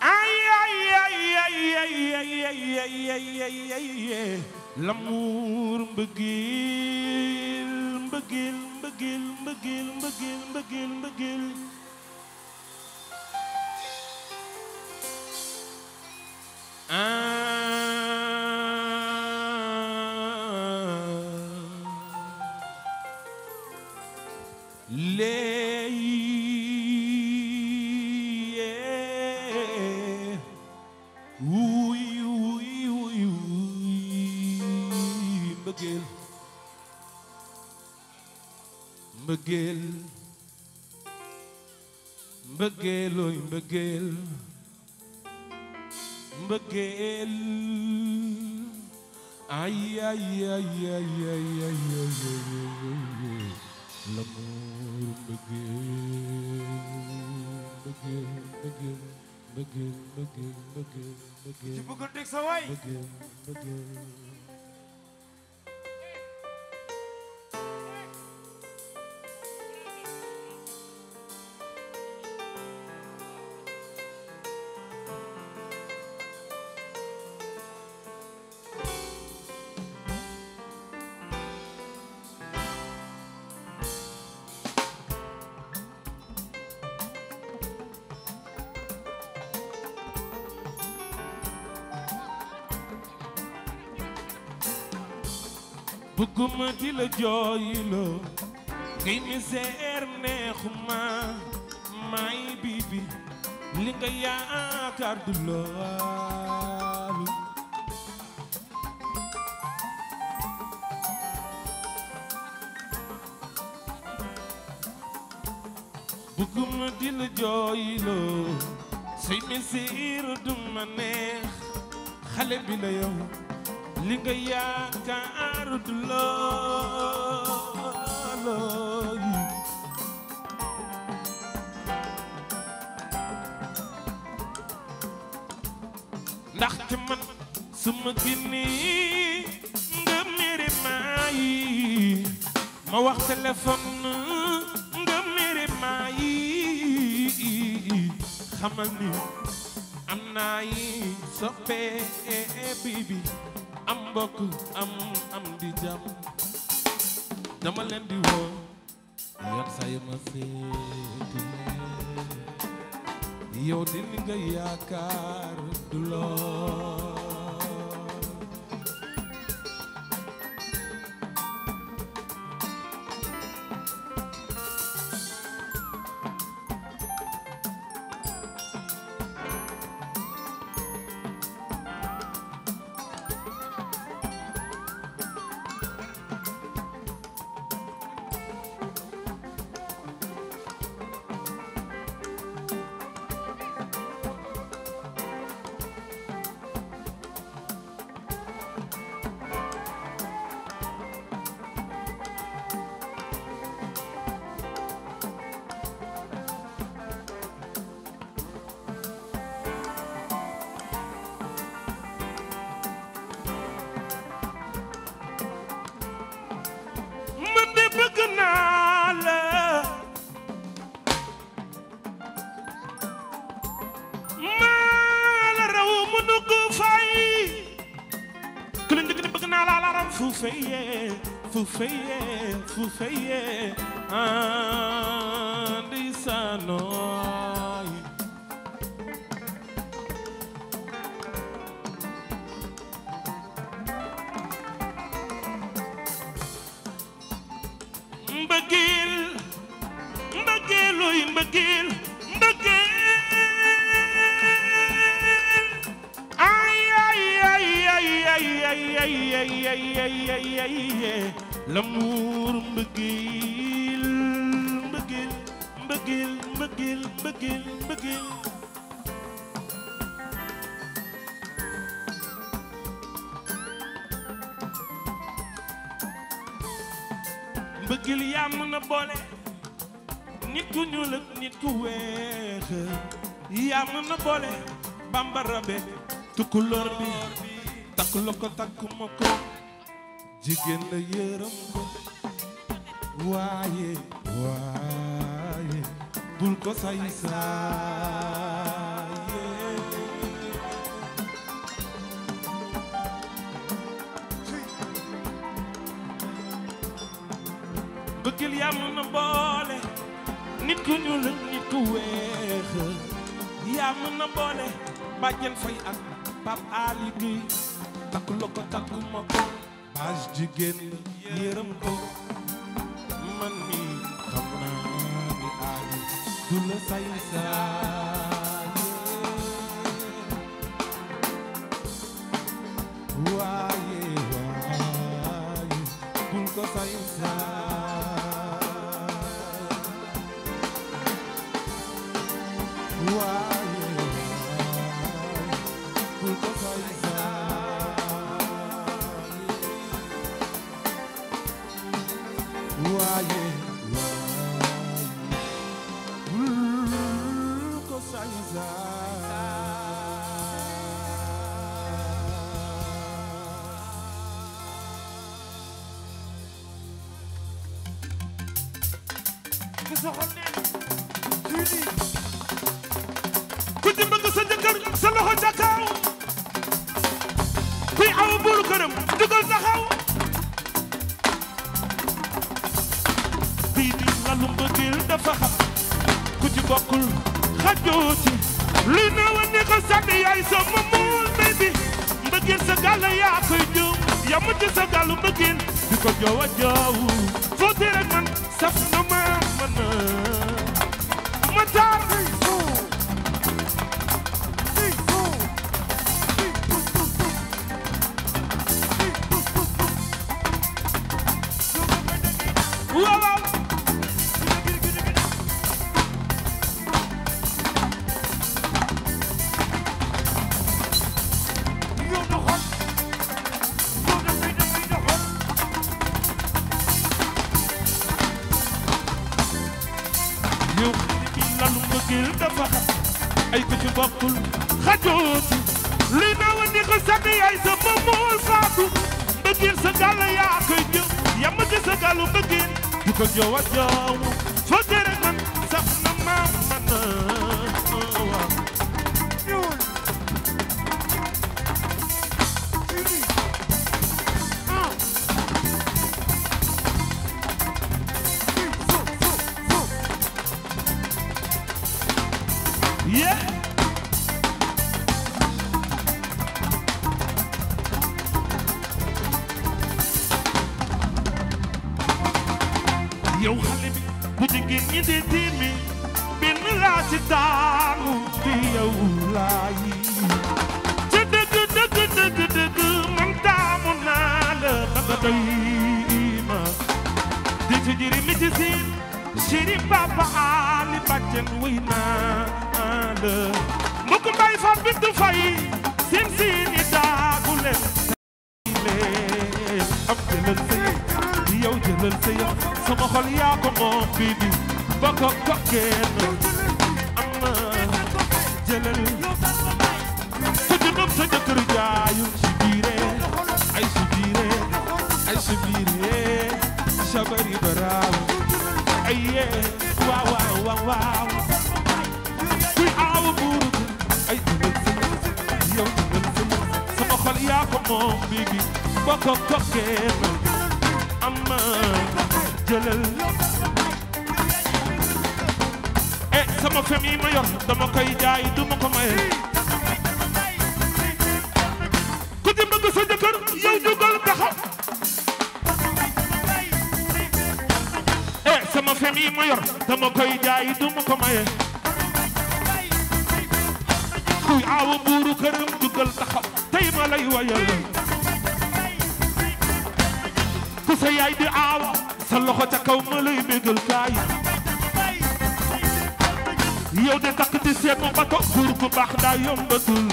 ay L'amour mbëggeel mbëggeel mbëggeel mbëggeel mbëggeel mbëggeel mbëggeel ah forgive, forgive. bëgguma di la jooyloo ngay misère neexuma may bibi li nga yaakaar du loolu di la jooyloo say misère ndaxte man suma génnee nga mere maa yi ma wax téléphone nga mere maa yi xamal ni am naa yi soppee eh, eh, mbokk am am di jàmm dama leen di woo yoon saa ma seeti yow di nga yaakaar du loo Fufeye, Fufeye, Fufeye, and Isano. ñàkkuma ko jigéen la yërëm ko waaye waaye bul ko say saaye bëggil yaa na boole nit ku ñuul nit ku weex yaa na boole bàjjen fay ak Pape Ali Gueye jigéen yërëm ko man mi xam naa ni aaju du la say sa loxo ca kuy aw buuru këram dugal taxaw bii di lalu mbëggeel dafa ku ci bokkul xajoo luy naawa ne ko sànni yaay sa mamuul may bi mbëggeel sa gàll yaa koy jëw yamu ci sa gàllu mbëggeel di ko joowa joow foo tee ku sa di aawa sa ca kaw ma lay bégal kaay yow takk di seetu ba ko góor gu baax daa yombatul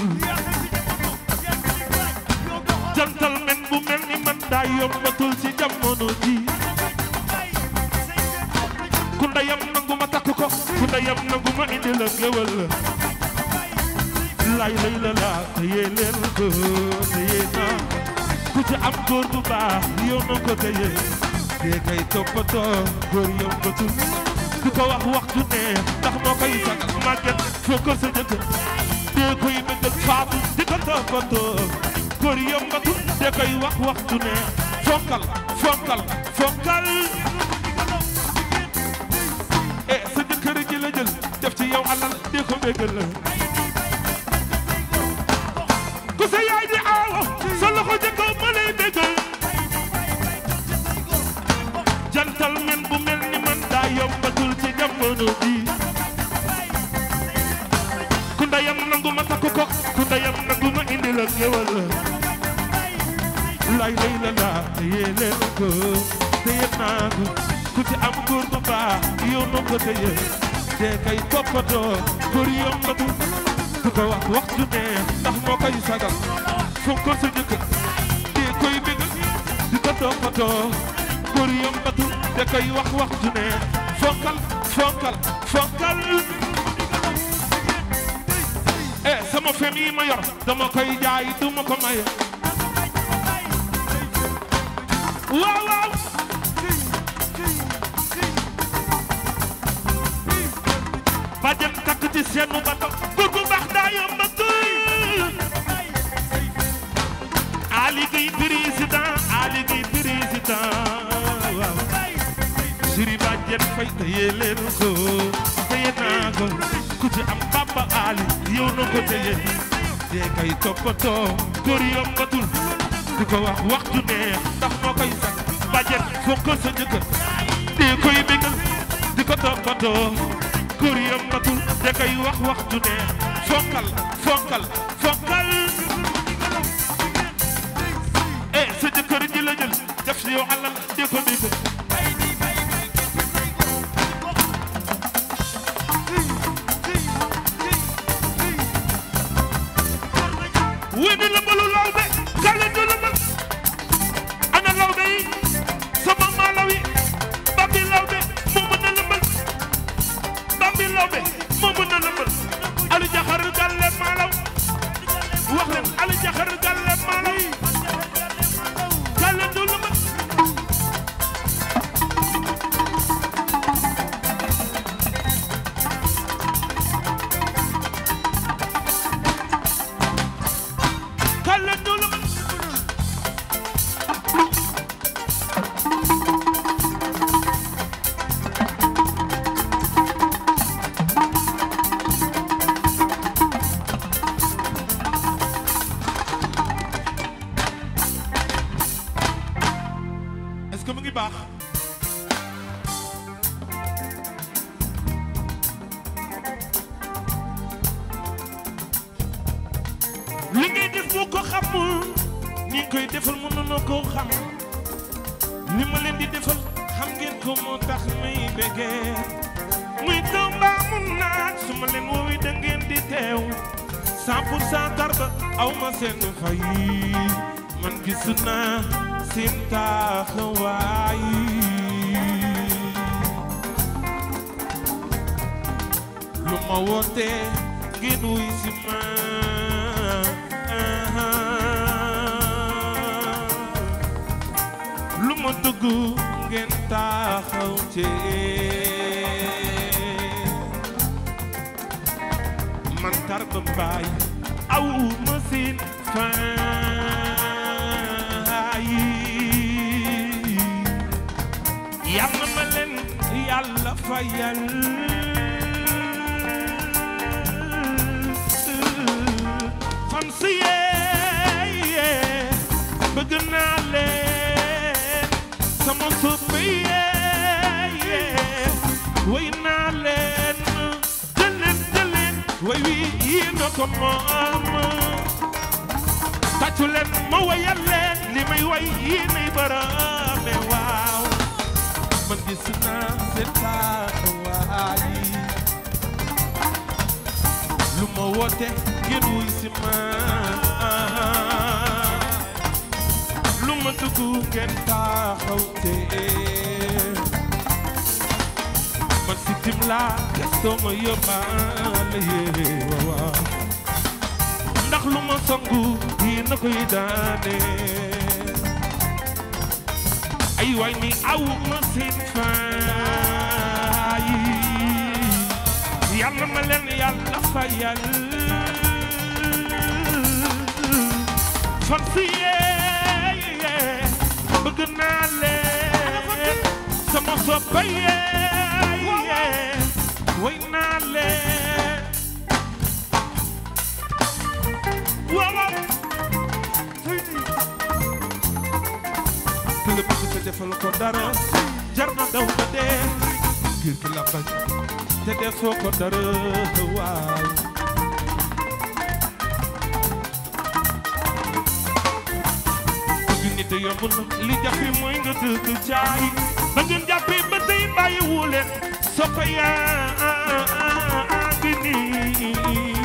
jantal men bu mel ni man daa yombatul ci jamono ji ku ndeyam nangu ma takk ko ku ndeyam nangu ma indi la lay lay la laa te yee leen ko ku ci am góor bu baax yow na ko téye dee kay toppatoo góor yow nga tudd ku ko wax wax ju ndax moo koy sagal màgget foo ko sa jëkkër dee koy bëggal faatu di toppatoo góor yow nga tudd dee koy wax wax ju ne fonkal fonkal fonkal eh sa jëkkër ji la jël ci yow alal dee ko bëggal kalmin bu mel ni man daa yombatul ci ku ndayam na ma takku ko ku ndayam nangu ma indi la géwal lay lay la la téye leen ko téye naa ku ci am góor bu baax yoonu ko téye te kay toppatoo pour yombatul ku ko wax wax ju ne ndax moo koy sagal fonko sa jëkkër di koy bëgg di ko góor yombatul te koy wax wax ju ne fonkal fonkal fonkal eh sama fem yi ma yor dama koy jaay duma ko maye waaw yéen te kay toppatoo góor yombatul di ko wax waxtu neex ndax moo koy sax bàjjen fonkal sa jëkkër te koy bégal di ko toppatoo góor yombatul te kay wax waxtu neex fonkal fonkal fonkal eh sa jëkkër ji la jël si yow alal di ko di nit yombul li jàppi mooy nga dëgg caay ba ngeen jàppi ba tey bàyyiwu leen soppe yaa ngi nii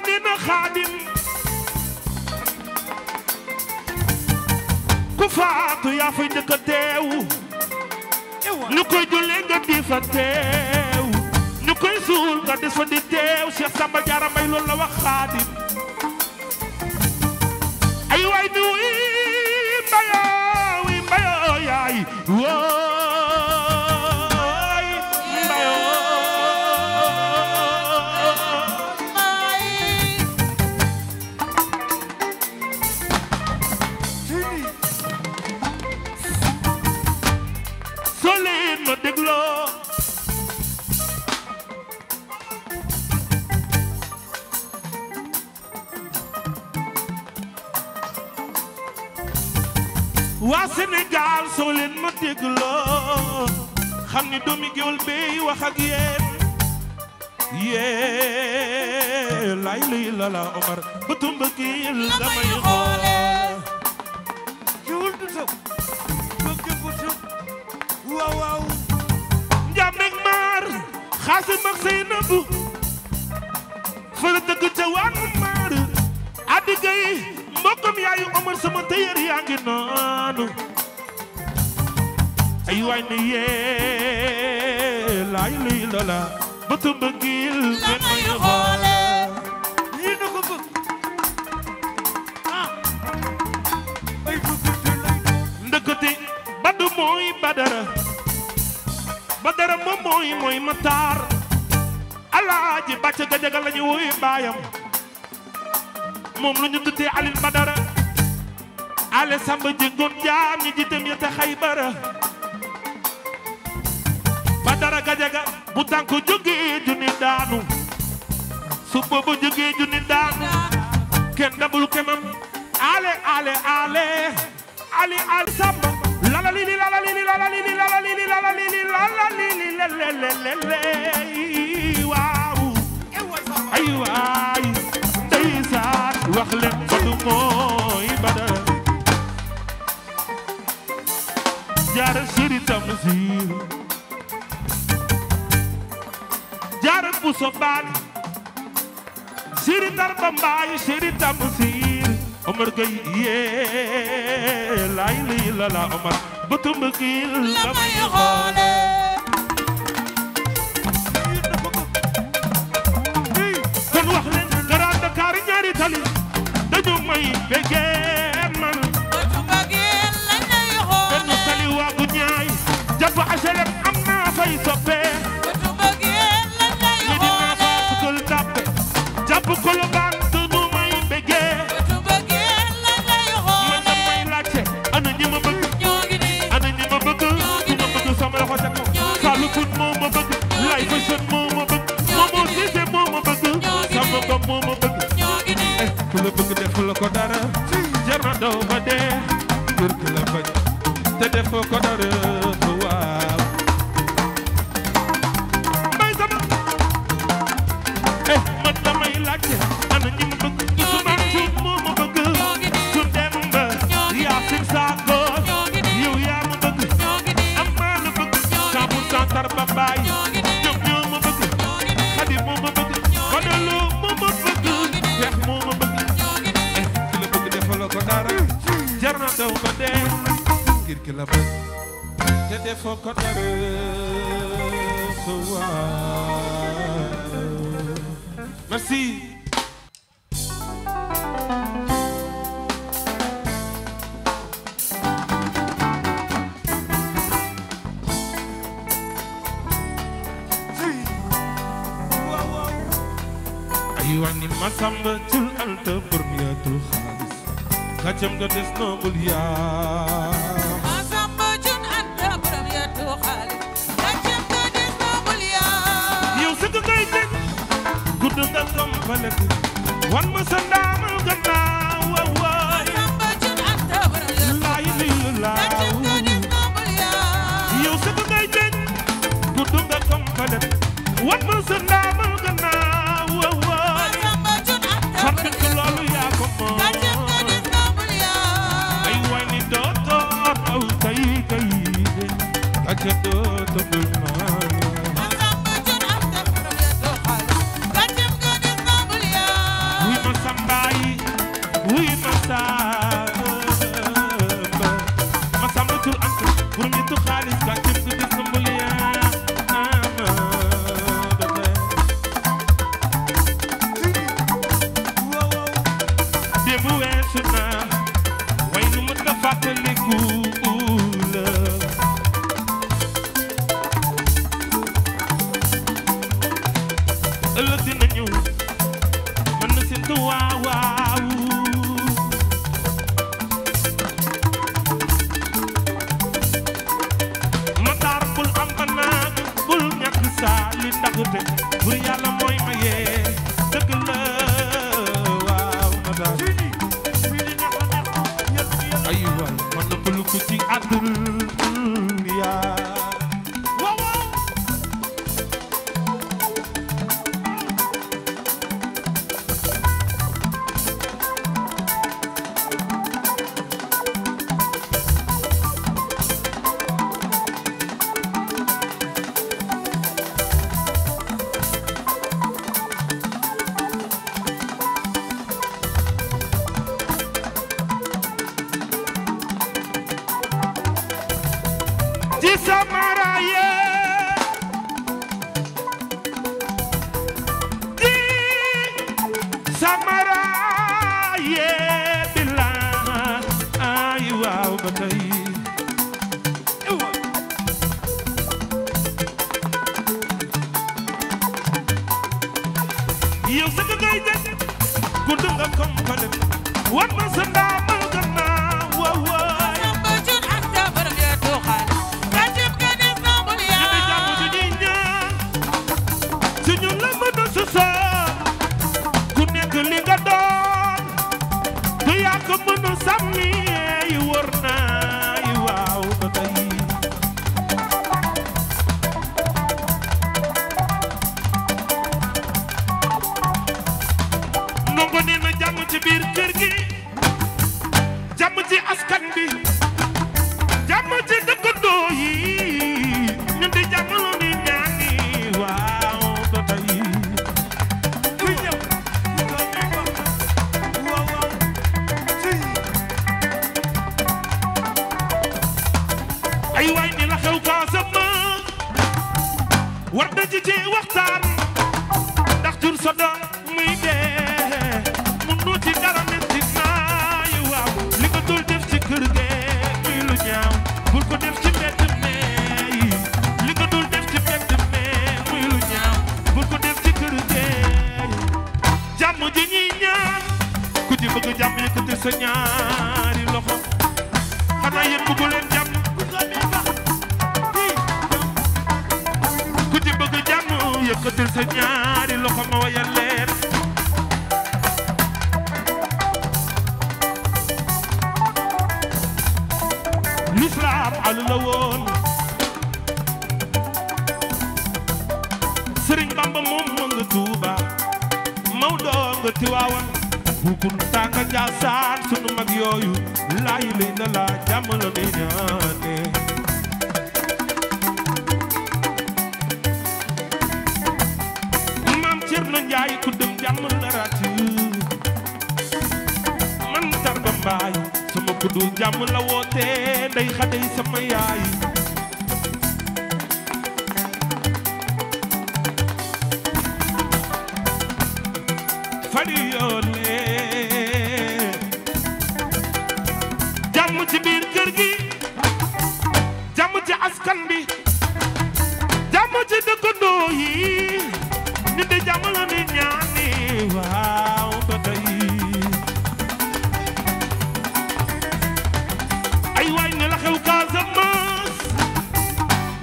seydina xaadim ku faatu yaa fay njëkk a teew ñu koy jullee nga di fa teew ñu koy suul nga des fa di teew Cheikh Samba Diarra Mbaye loolu la wax xaadim ma dégloo xam ni doomi géwél bey wax ak yéen yee lay lay la la Omar bëtum bëggeel damay xoole géwél du tëb bëgg bu tëb waaw waaw njaam nekk maar xaasim ak say nëbb fële dëgg ca waanu maar addi gay mbokkam yaayu Omar sama tëyeer yaa ngi noonu ay waay ne yee laay luy lala bëtu mbëggil la may xoole lii nu ko bëgg ah. ndëkkati badu mooy badara badara moom mooy mooy mataar alaaji bàcc gajaga lañu wuy baayam moom lu ñu tuddee alil badara ale samba jéngoon jaam ñi jitam yete xaybara Badara Gajaga butang kujungi juni danu daanu su juni danu Kenda bulu kemam ale ale ale ali al li la la li li la la li li lala lili le le le, waaw ay waay ndeysaan wax leen ko du mooy Badara jaara siri tamsiir jaara buso baag siri tar ba mbaay siri tam gay yee lay lii la la omar bëtum bëggil la may xoole kon wax leen Grand Dakar ñaari tali dañu may bëggee man bëtum bëggil la may xoole kon tali waa gu ñaay jàpp aselem am fay soppee you. xew Casamance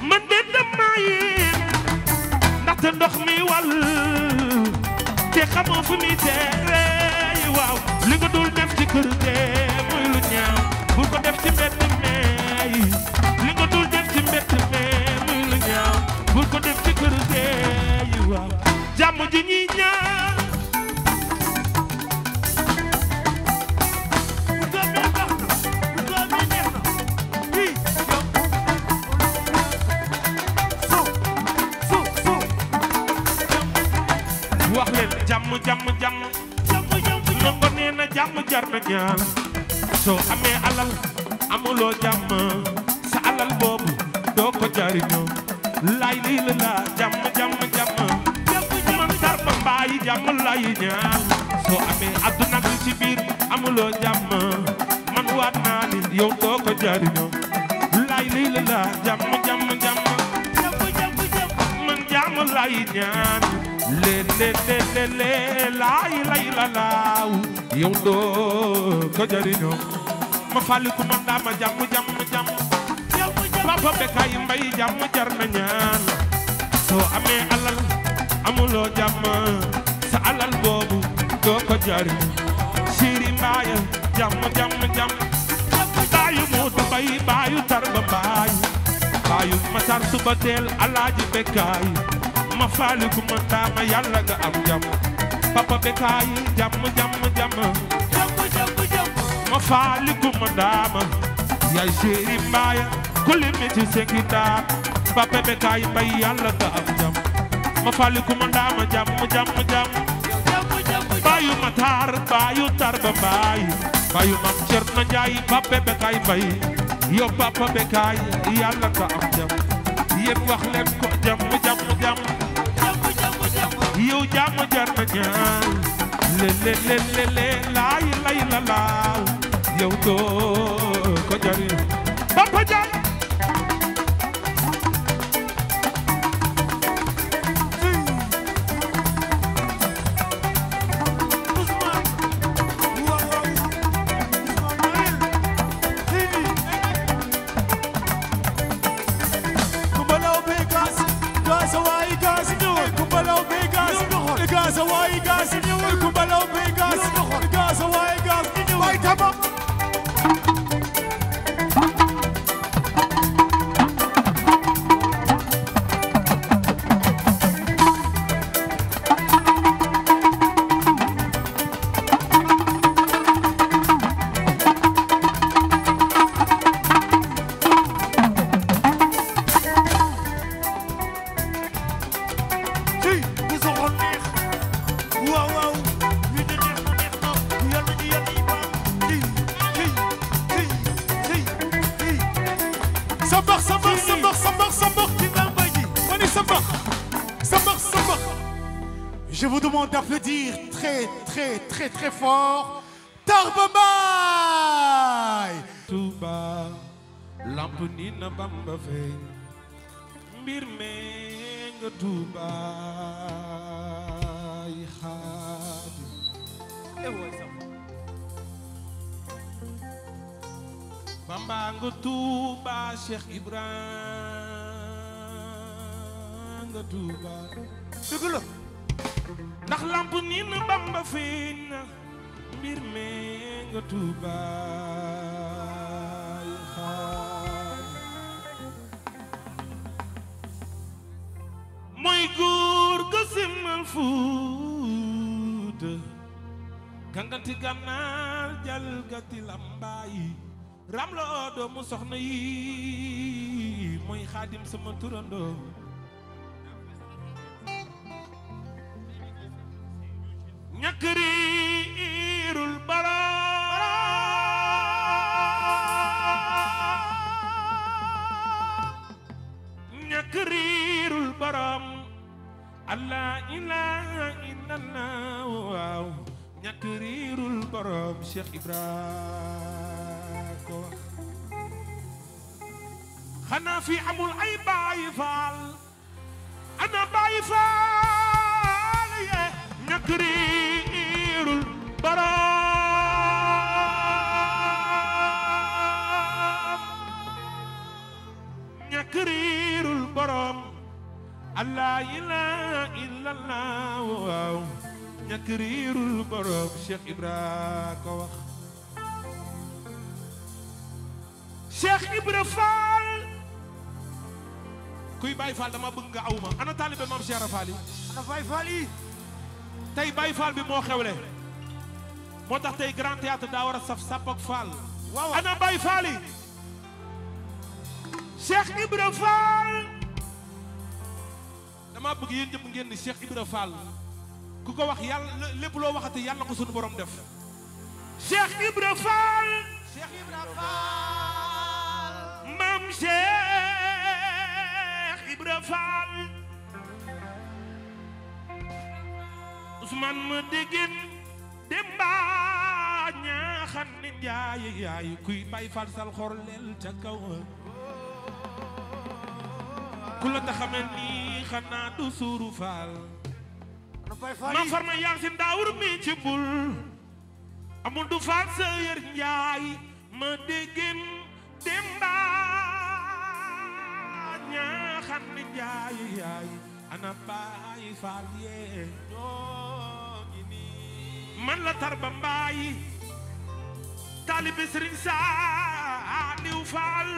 man de dama yéem ndaxte ndox li nga dul def ci kër te muy lu ko def ci mbedd meey li ko ci kër te waaw jàmm ji ñuy jàmm jàmm lu ko nee na jàmm jar na ñaan soo amee alal amuloo jàmm sa alal boobu doo ko jariñoo laay lii la laa jàmm jàmm jàmm man Garba Mbaye jàmm laay ñaan soo amee adduna bi ci biir amuloo jàmm man waat naa ni yow doo ko jariñoo laay lii la laa jàmm jàmm jàmm man jàmm laay ñaan le le le le laay lay la laaw yow doo ko jariñu ma fàlli ku man daa ma jàmm jàmm jàmm mbay jàmm jar na ñaan soo amee alal amuloo jàmm sa alal boobu doo ko jariñu siiri mbaaya jàmm jàmm jàmm baayu muutu bay baayu tarba mbaay baayu masar suba teel alaaji bekaay ma faali ku ma taama yàlla nga am jàmm papa bekaay jàmm jàmm jàmm ma faali ku ma daama yaay séeri mbaaya ku limi ci seki daam papa bekaay mbay yàlla nga am jàmm ma faali ku ma daama jàmm jàmm jàmm baayu ma taar baayu taar ba mbaay baayu mam cer na njaay papa bekaay mbay yow papa bekaay yàlla nga am jàmm yéen wax leen ko yow jàmm jar na ñaan le le le le le laay lay la laaw yow doo ko jariñ Papa Jaay d'applaudir très, très, très, très fort Touba, lampunina bamba Touba eh, Touba Cheikh Touba ndax lamp ni na bamba feeñ na mbir mi nga tuubaay xaar mooy góor ga simmal fuuta ganganti gànnaar jalgati lambaay do doomu soxna yi sama ñakriirul bara ñakriirul baram allah ilaha illallah waaw ñakriirul baram Cheikh Ibra ko wax xanaa fi amul ay baay faal ana baay faal ye تقرير البرام تقرير البرام لا إله إلا الله تقرير البرام شيخ إبراك وخ شيخ إبرا فال كوي باي فال دما بنغا أوما أنا طالب المام شيخ فالي أنا باي فالي tey Baye Fall bi moo xewle moo tax tey grand théâtre daa war a saf sàpp ak Fall ana Baye Fall yi Ibra Fall dama bëgg yéen ñëpp ngeen ni Cheikh Ibra Fall ku ko wax yàlla lépp loo waxati yàlla ko sunu borom def Cheikh Ibra Fall Cheikh Ibra Ibra Fall Ousmane ma déggin démbaa ñaaxan ni njaay kuy bay sal xor leel ca kaw ku la taxamel ni xanaa du suuru faal ma farma yaasin daawur ci bul amul du faal sa yër ma déggin démbaa ñaaxan ni njaay ana baay faal yee ñoo ngi nii man la tarba mbaay taalibe sëriñ Saaliw faal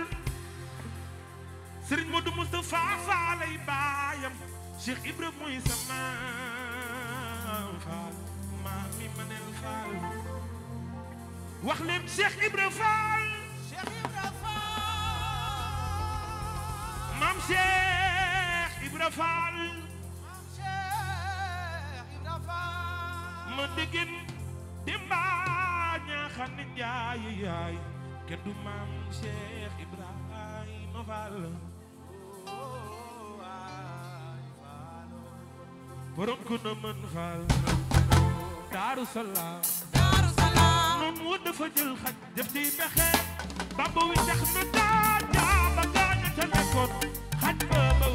sëriñ Modou Moustapha faalay baayam Cheikh Ibra mooy sama faal maami manel faal wax leen Cheikh Ibra faal Cheikh Ibra faal maam Cheikh Ibra Faal ma déggin dimba ñaaxan njaay yaay kenn du maam Cheikh Ibrahima Faal borom ku na mën faal Daaru Salaam Daaru Salaam noon wu dafa jël xaj def ci pexe bamba wi tax na daa jaaba gaaña ca nekkoon xaj ba ba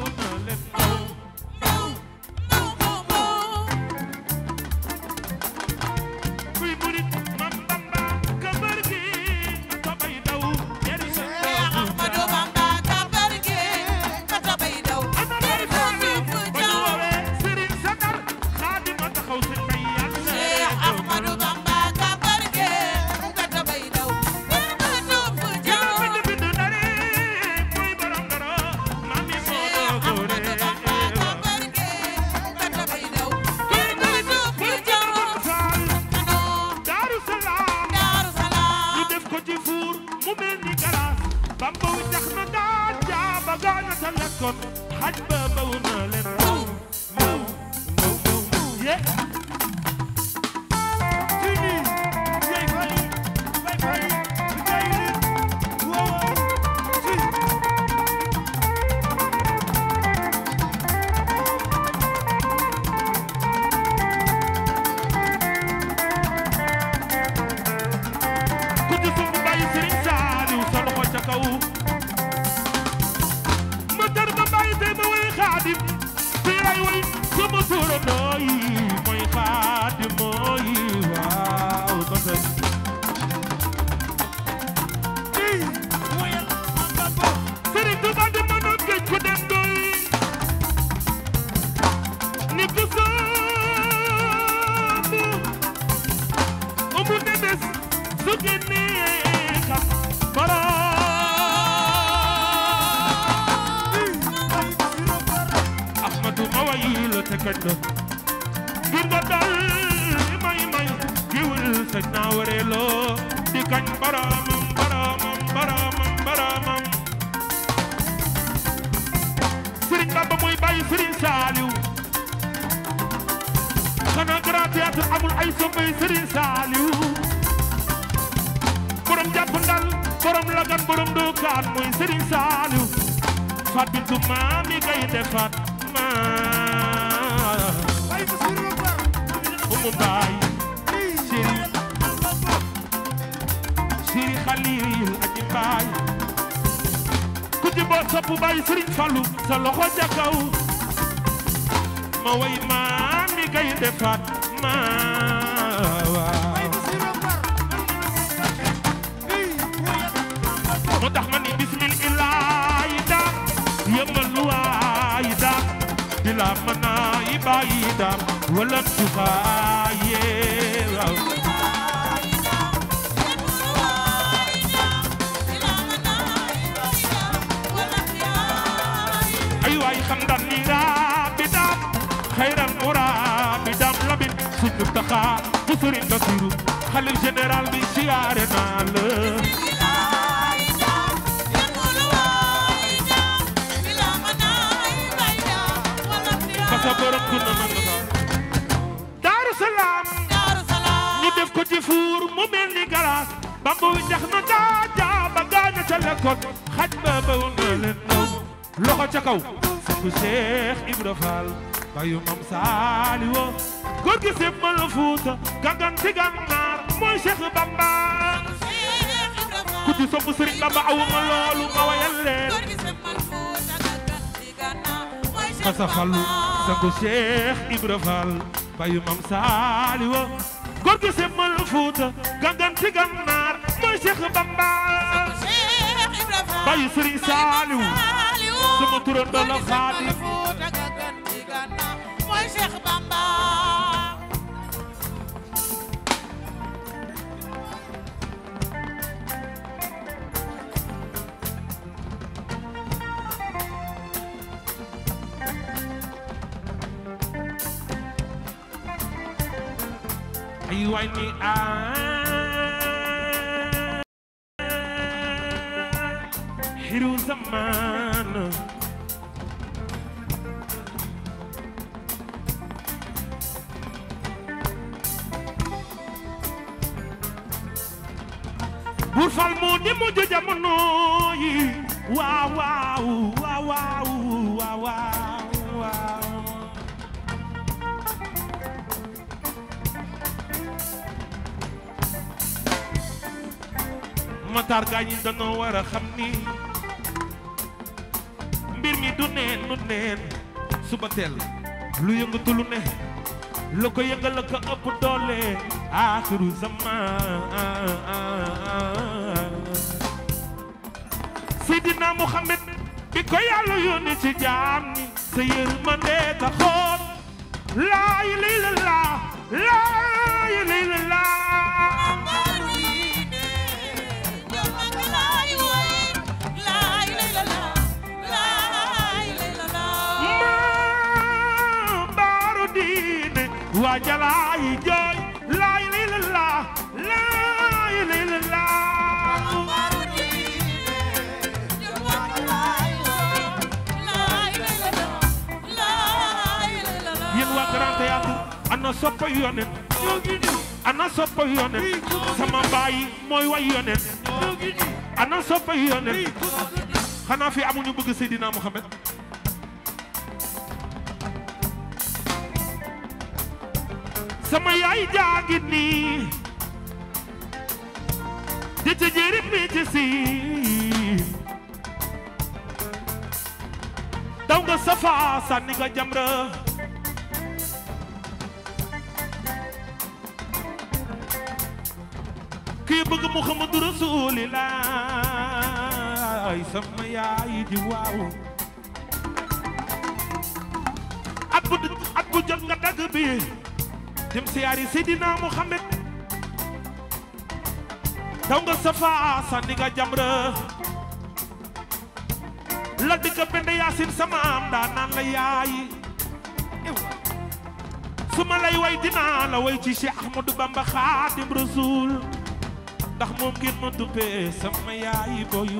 théâtre amul ay soppay Serigne Saliou borom jàpp ndal borom lagan borom dookaan muy Serigne Saliou fat bintu maami gaynde fat maa ay bu sirru ba umu baay Siri Siri Khalil aji baay ku ji boo sopp baay Serigne Fallou sa loxo ja kaw ma way maami gaynde fat خير المراد منتقى بصر بصير خلي الجنرال بشيارنا الله daaru salaam ñu def ko ci fuur mu mel ni galaas bambu wi jax na daajaa ba gaana ca lekkoon xaj ba bawu na leen naw loxo ca kaw sangu Cheikh Ibra Fall bayu mam saali woo góor gi sëb ma la fuuta gangan ci gannaar mooy Cheikh Bamba ku ci sopp Sëriñ Bamba awu ma loolu ma wayal leen Massa Fallu sangu Cheikh Ibra Fall bayu mam saaliwa góor gi sëb ma la fuuta gangan ci gannaar mooy Cheikh Bamba bayu Sëriñ Saaliw sama turan doon la xaadim wine me ah Hiru mo di mo jamono Matar gaa ñi danoo ni mbir mi du neen nu neen suba teel lu yëngatu lu ne lu ko yëngal ko ëpp doole aaxiru zamaan Seydina Muhammad bi ko yàlla yónni ci jaam ni sa yërmande taxoon laa ilaaha illallaah laa ilaaha illallaah jalaay jooy laay lay la laa laay lay la laa yéen waa Grand Théâtre ana soppa yonen ana soppa yonen sama baay mooy way yonen ana soppa yonen xanaa fi amuñu bëgg Seydina Muhammad sama yaay jaagit nii di ci jirit mi ci siin daw nga safa sànni nga jamra kii bëgg muhammadu rasulillah ay sama yaay di waaw at bu at bu jot nga dagg bi dem si Seydina Muhammad daw nga safa sànni nga jamra la dëkk bende yaasin sama am la yaay su ma lay way dinaa la way ci Cheikh Ahmadou Bamba Xaadim Rasul ndax moom ngeen ma duppee sama yaay booy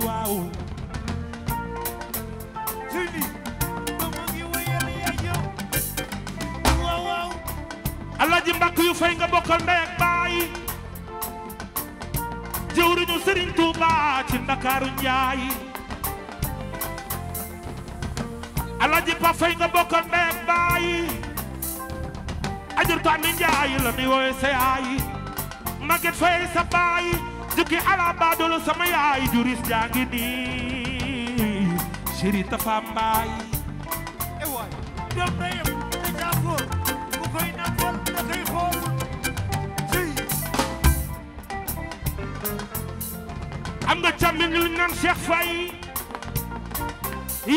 rakk yu fay nga bokkal ndey ak baay jëwriñu Serigne Touba ci Ndakaaru Njaay Alaaji Pa fay nga bokkal ndey ak baay ajur taani Njaay la nuy woowe sa yaay Maguette fay sa baay jukki ala baadoolo sama yaay juris jaa ngi nii Chéri Tafa Mbaay nga càmmiñ lu ñu naan Cheikh Faye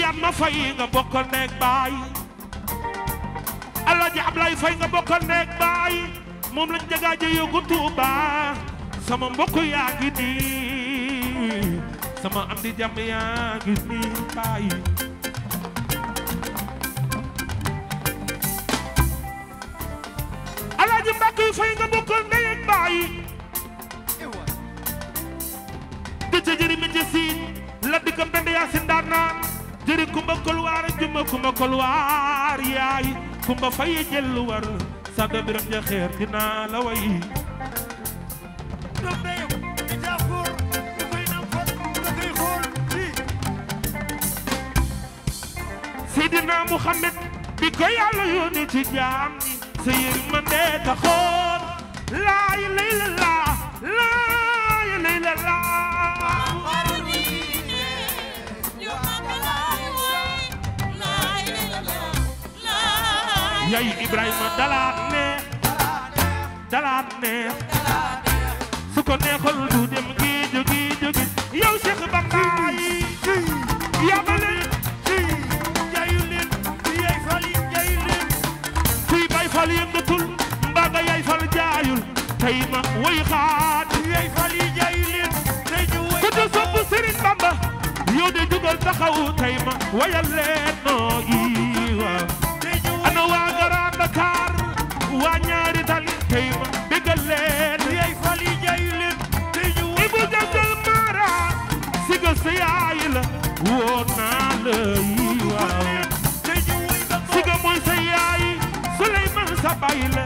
Yatma Faye nga bokkal neeg baay Alaaji Ablaye Faye nga bokkal neeg baay moom lañ jagaaje yóbbu Tuuba sama mbokk yaa ngi sama am di jàmm yaa ngi nii ca jëri ménje siin laddi ko mbend yaa si ndaan naan jëri kumba kolwaar juma kumba kolwaar yaay kumba faye jëllu war sanda biram ja xeer dinaa la way Seydina Muhammad bi ko yàlla yónni ci jaam ñi sa yërmande taxoon laa ilaaha illallaah laa ilaaha illallaah yaay Ibrahima dala neex dala neex su ko neexal du dem géeju géeju gi yow Cheikh Bamba yi yaba leen jaayu leen yaay fal yi jaayu leen kuy bay fal yëngatul mbaa nga fal jaayul tey ma woy fal yi sa sopp Serigne Bamba yow de jugal taxawu tay ma wayal leen noo iwa ana waa Grand Dakar waa ñaari tali tay ma bégal leen yey fali jay leen ibu jagal mara sigal sa yaay la woon naa la iwa sigal mooy sa yaay Suleyman sa bay la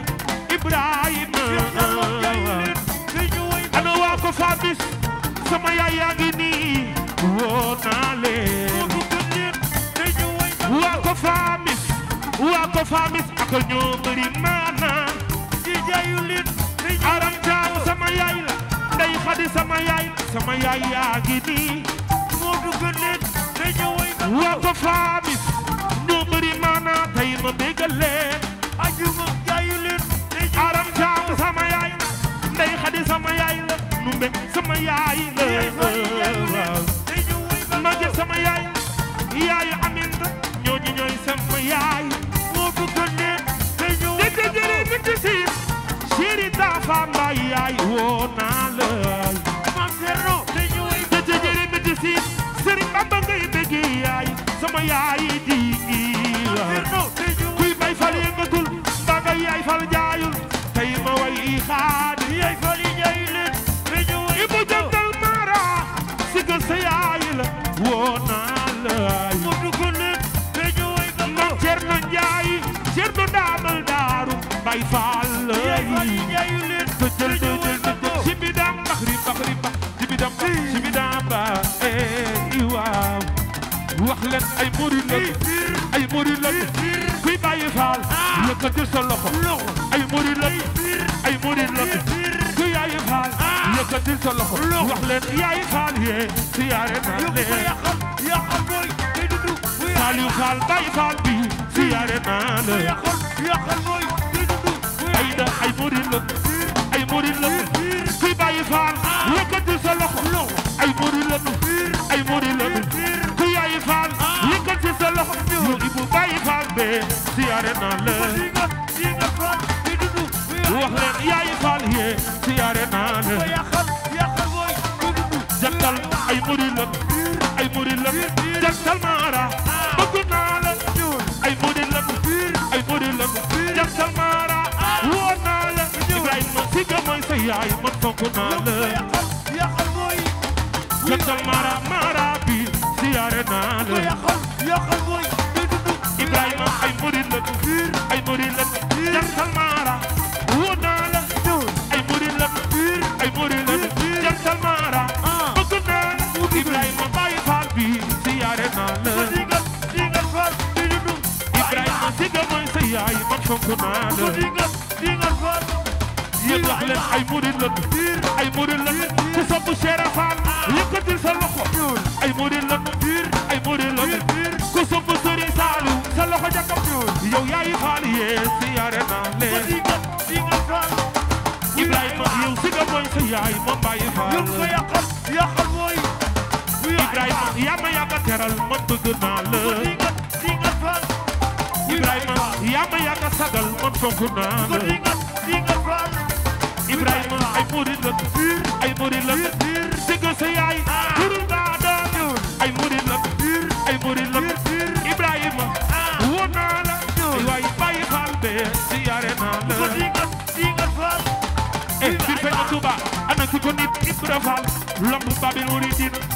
yaa ngi nii woo naa leen waa ko faamis waa ko faamis maana di jayu leen sama yaay la ndey xadi sama yaay sama yaay yaa ngi nii moo dugg leen waa ko faamis ñoo bëri maana tey ma bégal nga jël sa loxo ay murid la ay murid la ku yaay faal yëkkatil sa loxo wax leen yaay faal yee siyaare naa leen yàqal mooy day dundu faal yu faal bay faal bi siyaare naa leen yàqal mooy day dundu ay da ay murid la ay murid la ku bay faal yëkkatil sa loxo ay murid la ay murid la ku yaay faal yëkkatil sa loxo ñu ibu bay faal be siyaare naa leen yaare naa leen a ay muri la ay muri la jantal maara bëgg naa la ay muri la ay muri la jantal maara woo naa la Ibrahima si nga mooy sa yaay lan ay murid lan ku sopp Cheikh Fall yëkkatil sa loxo ay murid lan ay murid lan ku sopp Serigne Saliou sa loxo jàkkam yow yaay Fall yee siyaare naa leen Ibrahima yow si nga mooy sa yaay ma bàyyi Fall yow nga yàqal yàqal mooy Ibrahima yaa ma yàgg a teral man bëgg naa la Ibrahima yaa ma yàgg a sagal man fonk naa la murid la ay murid la déggal sa yaay murid nga doon ay murid la ay murid la Ibrahima woo naa la waay bàyyi faal be siyaare naa la ko dinga dinga faal e fir fe na Tuuba ana ku ko nit Ibra Faal lamb babil muridin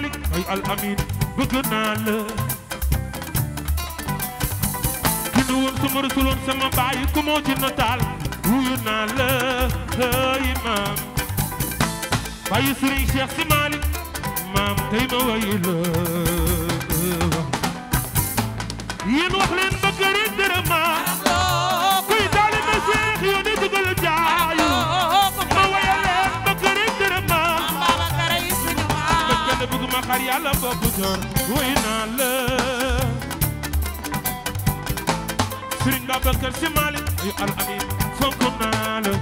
Malick ay al amin bëgg naa la ki nu woon sama rasuloon sama baay ku moo ci nataal wuyu naa la ay maam bàyyi sëriñ Cheikh si Malick maam tey ma wayu la yéen wax leen xar yàlla bopp joor wuy naa la Sëriñ Babacar Si Maalik yu al amin fonk naa la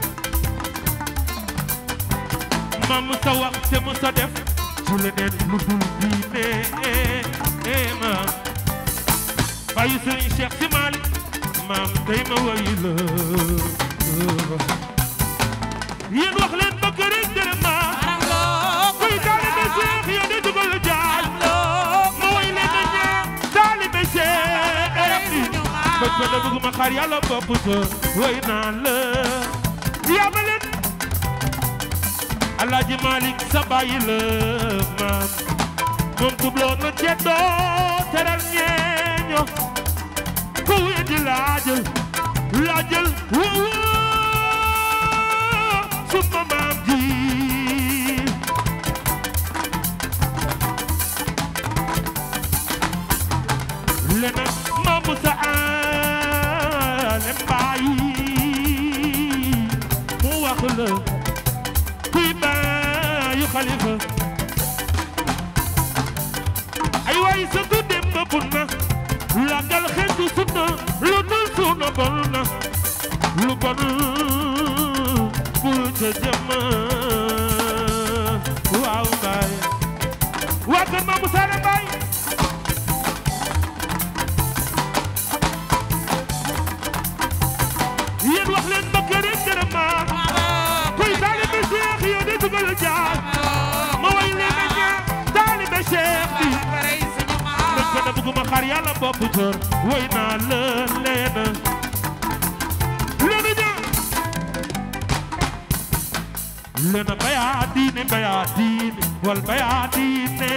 ma mu sa wax te mu sa def su leneen lu dul diine ma bàyyi Sëriñ Cheikh Si Maalik maam day ma woy la yéen wax leen bëgg rek te da bëgguma xaar yàlla bopp sa way naan la yaa ma leen alaaji Malick sa bàyyi la maam na ceddoo teral ñeeño ku weddi laajal laajal woowoo suma maam ji leneen maam sa aan xalifa ay waay sa tu dem ba bun na lagal xeetu sunna lu dul sunna bon lu bon bul ca jëma bopp joor woy naa la leena leena ja leena bayaa diine bayaa diine wal bayaa diine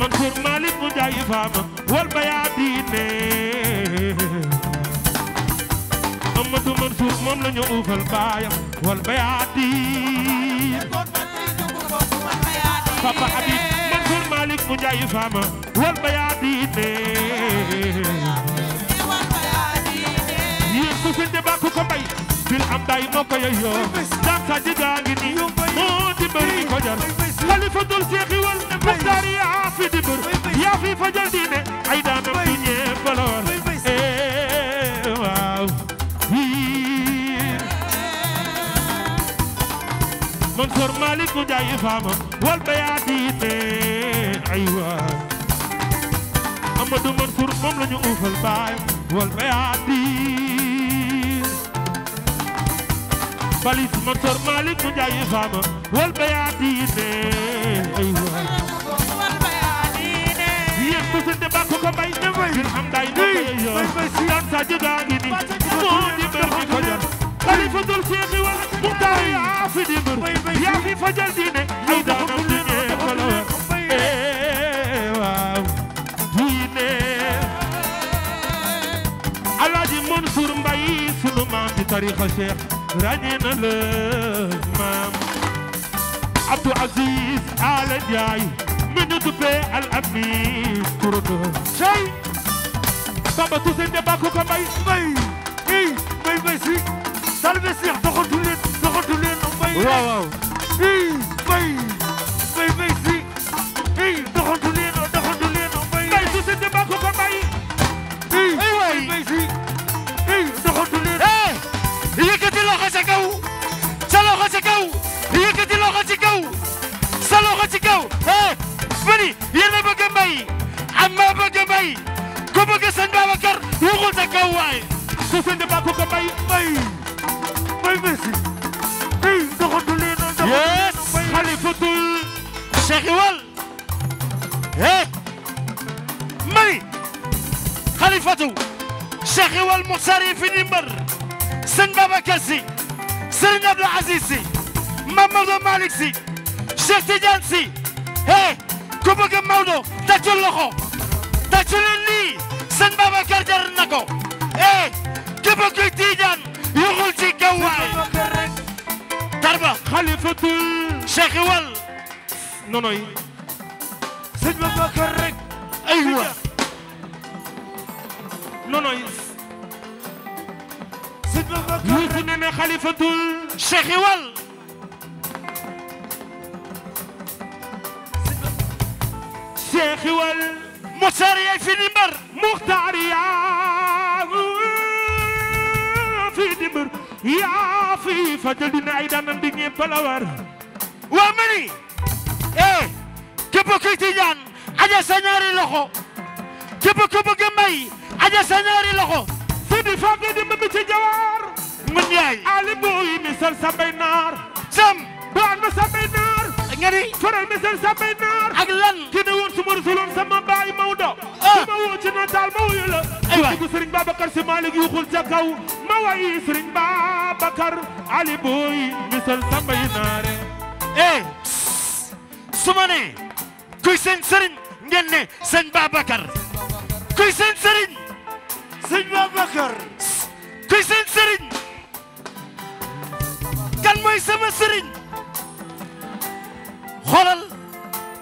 Mansour Malick mu jaay faama wal bayaa diine Amadou Mansour moom la ñu uufal wal bayaa diine Papa Habib mu jaay faama wal ba yaa diine yéen ku finde ba ku ko bay bil am day moo yeyoo daam sa jigaa ngi nii moo di mbër mi ko jar xalifatul seexi wal muxtaar yaa fi di mbër yaa fi fajal diine ay daamam du ñepp la war waaw Mansour Malick mu jaay faama wal ba yaa diine ay waay Amadou Mansour moom lañu uufal baay wal bayaati balis Mansour Malick mu jaayi faama wal bayaati ne ay waay yéen bu sente ba ko ko bay ne way am day ne way dan sa jega ni moo di mbër mi ko jar fa dul seeti wal mu taay yaa fi di mbër yaa fi fajal diine ay daanam ci a Cheikh ràññee na la maam Abdou Aziz Ala Ndiaye mi ñu duppee al amin kurudo cey Bamba Toussaint de bàkku ko mbay mbay i mbay mbay si talibé Cheikh doxantu leen doxantu leen mbay waaw Babacar Sy Serigne Abdou Aziz Sy Mamadou Malick Sy Cheikh Tidiane Sy hey ku bëgg Maodo tàccul loxo tàccul lii sëñ Babacar jar na ko hey ku bëgg Tidiane yuxul ci kaw waay Tarba xalifatul Cheikh Wal nonoy sëñ Babacar rek aywa خليفة الشيخ يول الشيخ يول مصاري في دمر مختار يا في دمر يا في نعيدا من بني بلور ومني ايه كبو كيتيان اجا سناري لخو كبو كبو جمعي اجا سناري لخو في دفاع دي مبتي جواب mën yaay ali boy misal sambay naar sam doon ma sambay naar ngari faral misal sambay naar ak lan ki ne woon suma rasuloon sama baay Maodo suma ah! woo ci nataal ma wuyu la aywa ko Serigne Babacar Sy Malick yuxul ca kaw ma wayi Serigne Babacar ali boy misal sambay naar eh suma ne kuy seen Serigne ngeen ne seen Babacar kuy seen Serigne seen Babacar kuy seen Serigne kan mooy sama sëriñ xoolal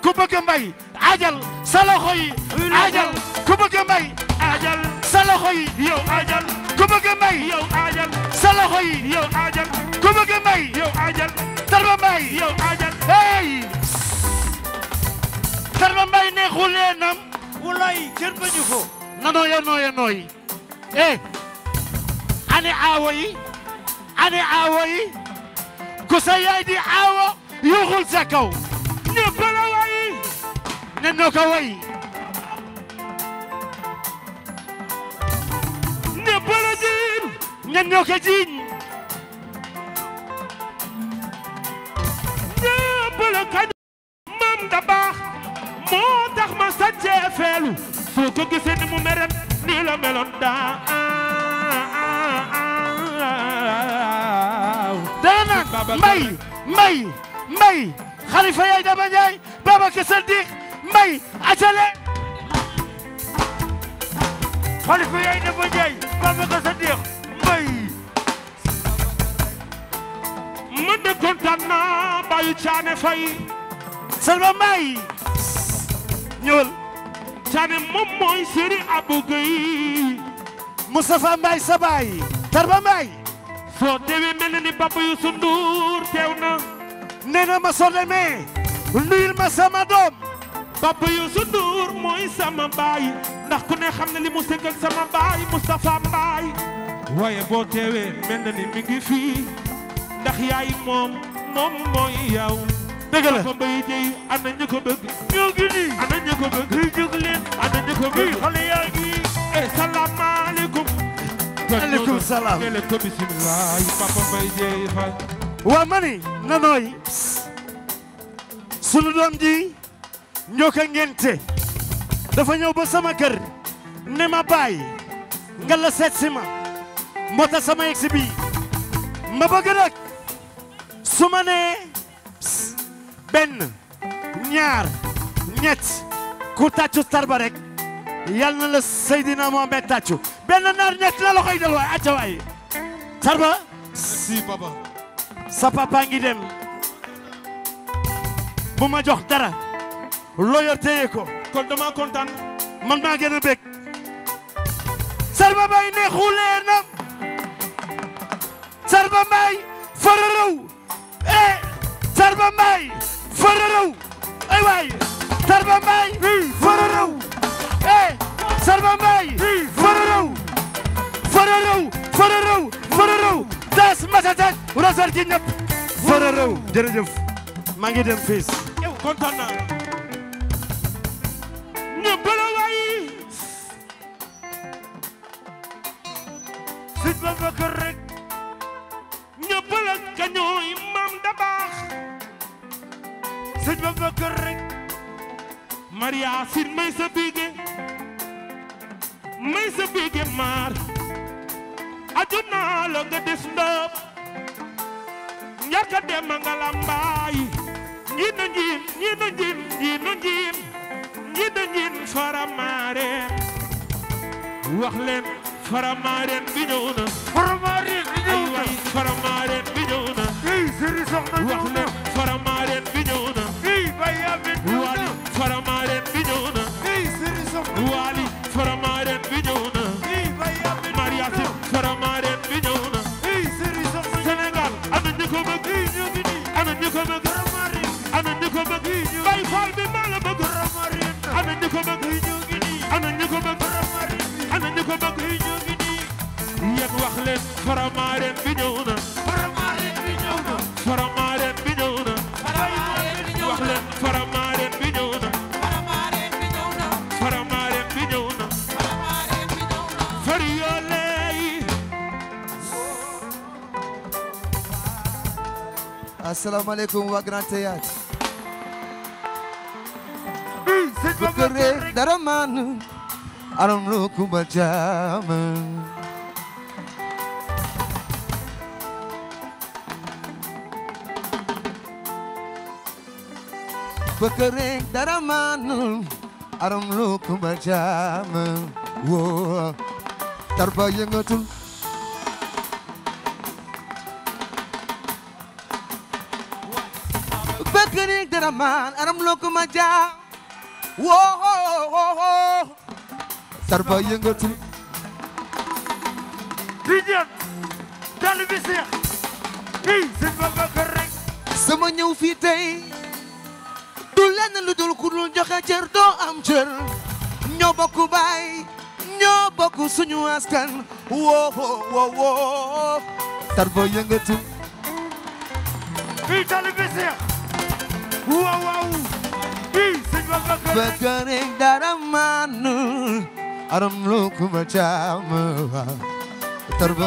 ku bëgg mbay ajal sa loxo yi ajal ku bëgg mbay ajal sa loxo yi yow ajal ku bëgg mbay yow ajal sa loxo yi yow ajal ku mbay yow ajal tarba mbay yow ajal hey tarba mbay neexul nee nam wulaay kenn bañu ko na nooya nooya nooy eh ane aawo yi ane aawo yi ku sa di aawo yuuxul sa kaw ñëpp la way nen noo ko way ñëpp la jiin nen noo ko mam da moo tax ma sàccee feelu soo ni mu meren nii la meloon daa مي مي مي خليفة يا دمني بابا كصديق مي عجلة خليفة يا دمني بابا كصديق مي من كنت أنا بايتشان في سلمى مي نقول جاني مم يصير أبوكي مصطفى مي سباي تربى مي soo deewee mel ni Pape Youssou teew na nee ma soo nuyul ma sama doom Pape Youssou Ndour mooy sama baay ndax ku ne xam na li sama baay Moustapha Mbaye waaye boo teewee mel mi ngi ndax yaay moom moom mooy yow dëgg la ko bay jëy ana ñu ko bëgg ñoo ngi nii ana ñu ko aleykum salaam waa mani na nooy sunu doom ji ñoo ko ngente dafa ñëw ba sama kër ne ma baay nga la seet si ma moo tax sama yegsi bi ma bëgg nag su ma nee benn ñaar ñett ku tàccu tarba rek yal na la Seydina Mohamed tàccu benn naar ñett la loxoy del waay acca waay Sarba si papa sa papa dem bu ma jox dara loo yor téye ko kon dama kontaan man maa gën a bég Sarba Mbaye ne xulee na Sarba Mbaye fararaw eh Sarba Mbaye fararaw ay waay Sarba Mbaye fararaw సర్వంబై ఫరరు ఫరరు ఫరరు das Maria may sa bigi maar aju naa la nga des ndëb ñàkk a nga lambaay ñi na njiin ñi na njiin ñi na njiin ñi na njiin faramaareen bi ñëw na faramaareen bi ñëw na ay faramaareen na ey sëri soxna wax bi ñëw na ey bi ñëw na Aslen paramaren binyona Paramaren binyona Paramaren binyona Paramaren binyona Aslen paramaren binyona Paramaren binyona Paramaren binyona Paramaren binyona Fariyalei Assalamu alaikum wa grand théâtre Bukare daramanu Aramlu kubacamın darah manu, aram luku majam wo terbayang ngecul darah daraman aram luku majam wo terbayang ngecul Lihat dari bisir Hei, semua bekerek Semuanya ufitei lenn lu dul ku dul joxe cër doo am cër baay ñoo bokku askan woo woo woo tarbo yëngatu fii talibe Seex waaw waaw dara maanu aram lu ku ma caam waaw tarbo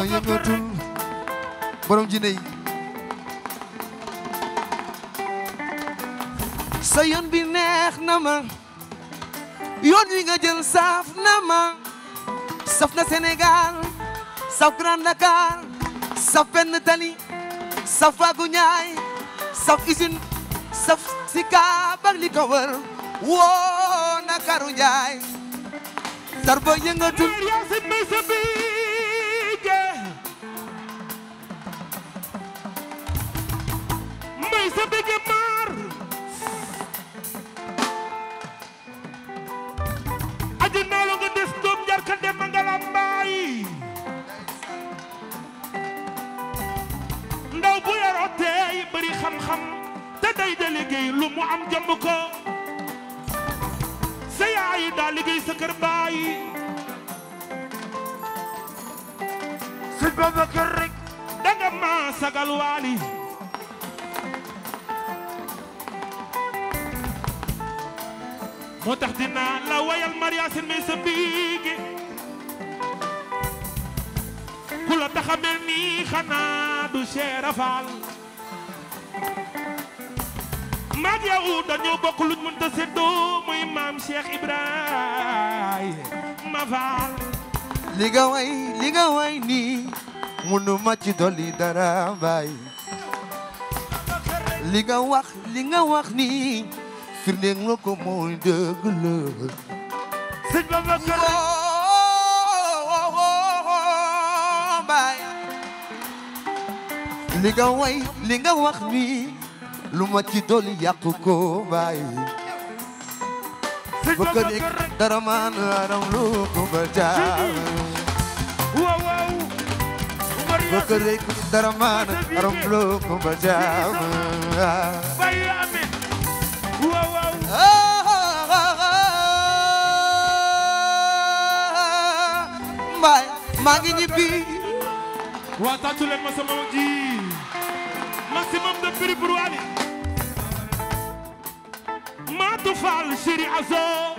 sa yoon bi neex na ma yoon wi nga jël saaf na ma saf na Sénégal saf Grand Dakar saf Penn Tali saf Fagou Ñaay saf usine saf Sicap ak li ko wër woo Ndakaaru Njaay Darba yëngatul mbay sa liggéey lu mu am jëmb ko sa yaay sa kër baay si Babacar rek danga ma sagal moo tax dinaa la wayal mariasin mi sa biigi ku la taxamel nii xanaa du Cheikh Rafal maag yow dañoo bokk luñ mënta séddoo muy maam Cheikh Ibrahima Fall li nga way li nga way nii munu ma ci dolli dara baay li nga wax li nga wax nii firnde nga ko mooy dëgg la sëñ Babacar baay li nga way li nga wax nii lu ma ci dolli yàqu ko bàyyi bu ko ba ko nekk dara maan aram lu ko ba jaam bàyyi amin waaw waaw mbaay maa ngi ñibbi waa tàccu leen ma sama ji maximum de prix pour Wally Bintu Fall Siri Azo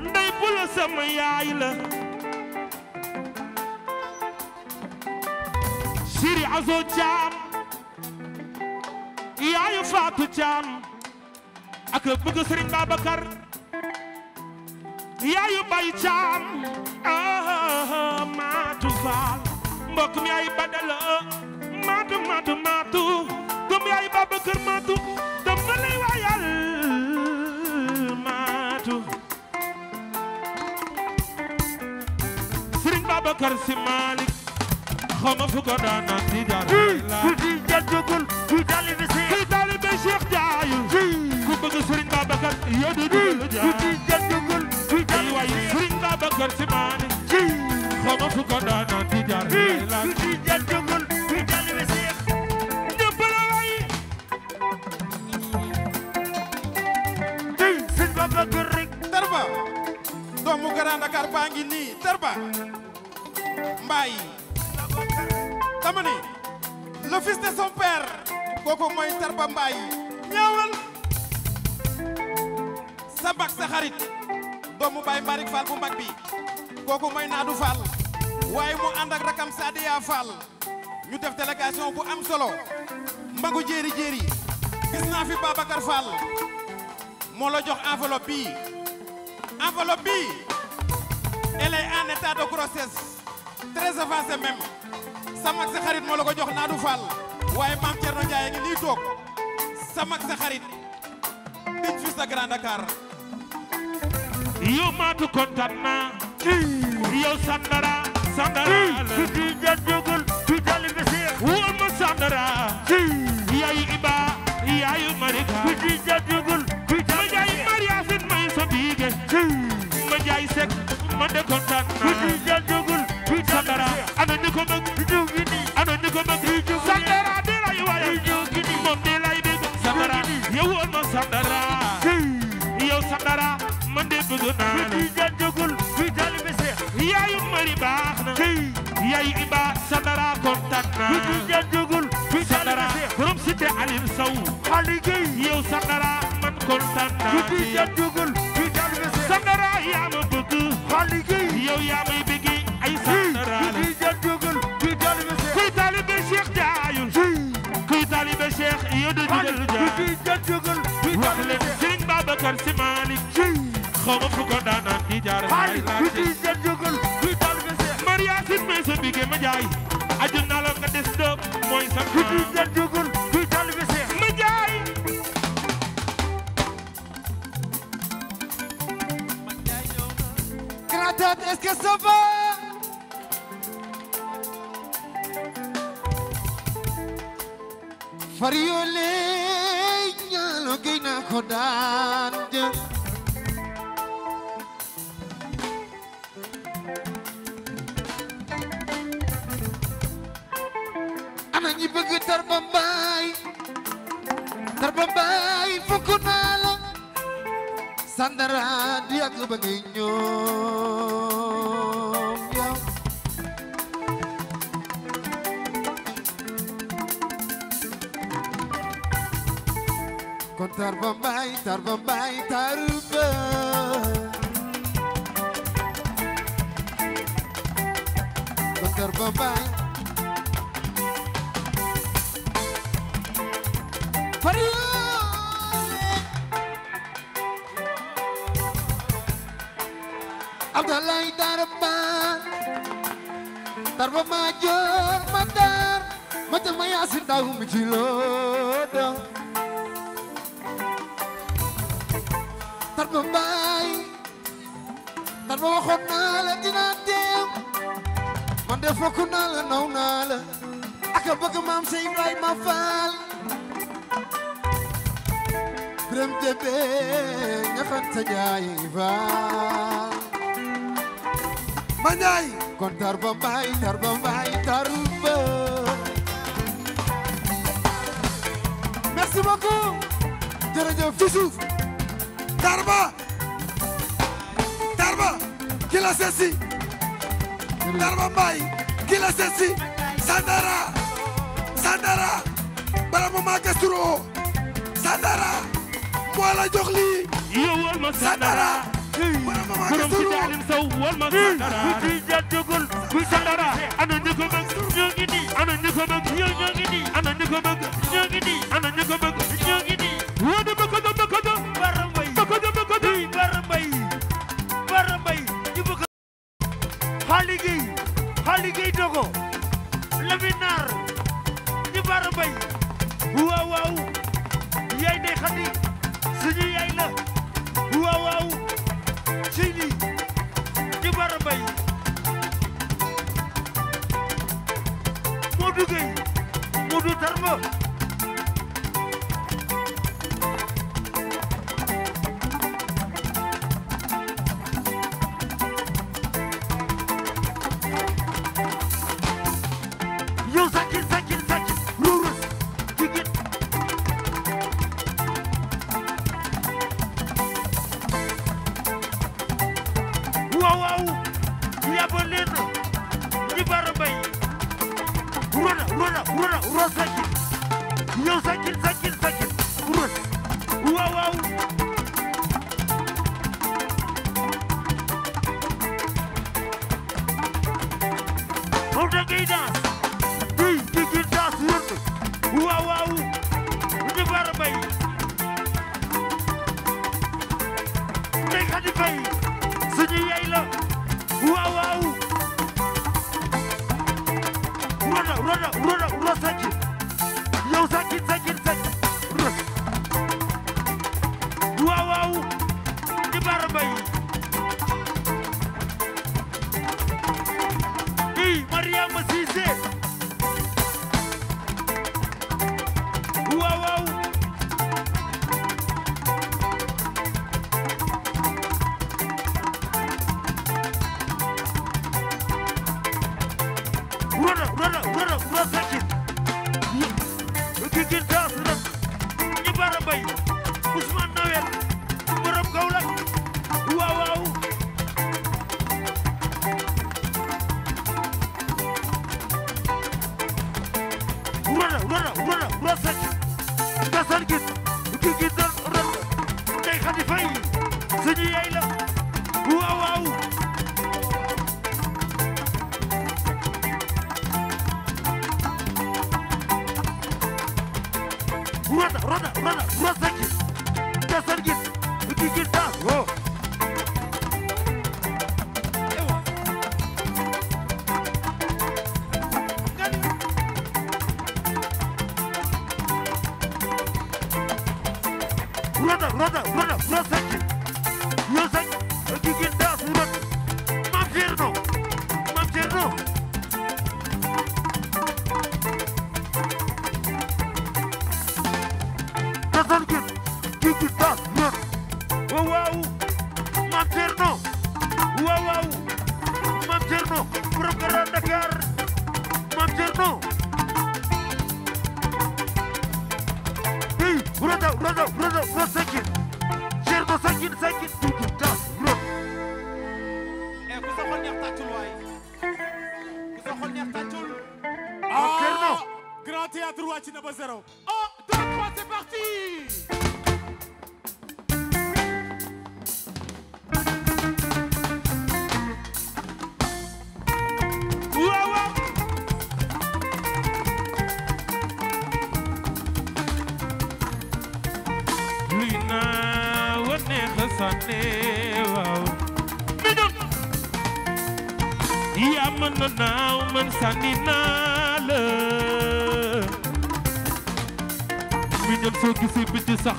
ndey bu la sama yaay la Siri Azo Thiam yaayu Fatou Thiam ak bëgg Serigne Babacar yaayu Baye Thiam ah Matou Fall mbokk mi ay badala maatu maatu maatu doom yaay Babacar maatu dama lay waayal maatu Serigne Babacar Sy Malick xaw ma fu ko daan di dara ku di jàddugul ku taalibe Cheikh ku taalibe Cheikh Jaayu ku bëgg Serigne Babacar yo di dul ku di jàddugul ku taalibe Serigne Babacar Sy Malick xaw ma fu ko daan di dara ku di jàddugul Terba, bi rek Tarba doomu gini terba, baa ngi nii Tarba mbaay dama ne le fils de son père kooku mooy Tarba Mbaay ñëwal sa bak sa xarit doomu fal bu mag bi kooku mooy Naadu Fall waaye mu ànd ak rakam Sadiya ñu def délégation bu am solo mbagu jeri jeri, gis naa fi Babacar Fall mola jox enveloppe enveloppe elle est en état de grossesse très avancé même sama mag sa xarit mola ko jox naa du fal waaye maam Thierno Ndiaye ngi ni tok sama mag sa xarit di fi sa Grand Dakar. yow maatu kontaan naa. yow Sandara. Sandara la di djogul jógul di jàlli ma Sandara. yayi Iba yayi Marika. di jaan djogul teg man de kontaan naa ku ci jàngagul ku sangara ana ñu ko mag ñu ngi nii ana ñu ko mag sangara di lay waaye ñu ngi nii moom di lay dégg sangara yow woon ma sangara yow sangara man de bëgg naa la ku ci jàngagul ku taalibe mari baax na yaayu iba sangara kontaan naa ku ci jàngagul ku sangara borom cité Alim Sow yow sangara man kontaan naa Sandara yaa ma bëgg xali gi yow yaa may bëgg ay Sandara la di jëgël kuy taalibe Cheikh kuy taalibe Cheikh jaayul kuy taalibe Cheikh yow de jugal ja di jëgël kuy taalibe Serigne Babacar Sy Malick xaw ma fu ko daanaan di jaar xali di jëgël kuy taalibe Cheikh Maria Sy may sa bige jaay ajul naa la nga des mooy sa di tête, est-ce que ça va Fariole ñaalo gëy na ko daan jël ana ñi bëgg Tarba Mbaye Tarba Mbaye fukk naa la Sandara di aku bengi nyum nyum Kon tarbambai tarbambai tarba Kon tarbambai dalay dar baan dar ba ma ma dar ma tal ma yaasin daw mi ci loodo dar ba mbaay dar ba waxoon naw naa la aka bëgg maam Seex Ibrahima Faal Biram Jabé ñaxan sa jaay faal ma kon tarba mbaay tarba mbaay tarba merci beaucoup jërëjëf ci tarba tarba ki la tarba mbaay ki la sesi sandara bala mu maa gëstu sandara moo la jox lii ma sandara borom ci daalim saw wal ma ku ci ja jugul ku ci dara ana ñu ko bëgg ñoo ngi nii ana ñu ko bëgg ñoo ngi nii ana ñu ko bëgg ñoo ngi nii ana ñu ko bëgg ñoo ngi nii wóodu ba ko do ba ko do barambay ba ko do ba ko do barambay barambay ñu bëgg xaali gay xaali gay dogo laminar ñu barambay 了。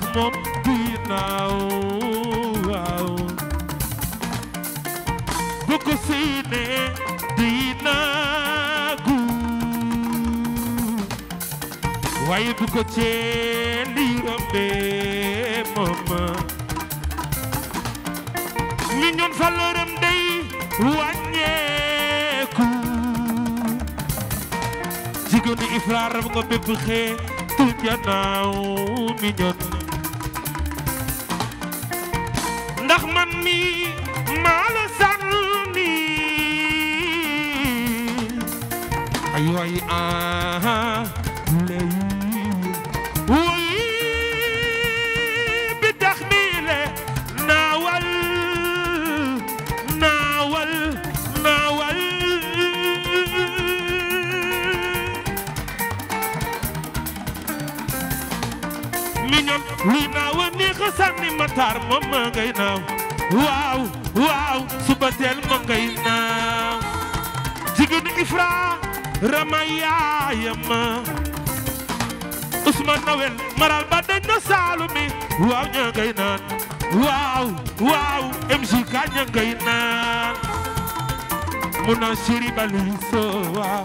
ndax moom duy naaw waaw bu ko siine duy naagu waaye bu ko ceeli rombe mooma li ñun valeuram day wàññeeku jigéenu ifraaram nga bépp xee tu janaaw mi ñoon jigéen ñi Ifra Rama yaayam Ousmane Nawel maral ba dañ na Saalumi waaw ña ngay naan waaw waaw MC ka ña ngay naan mu na siri bali soo waaw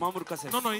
Mamour Kassé. non non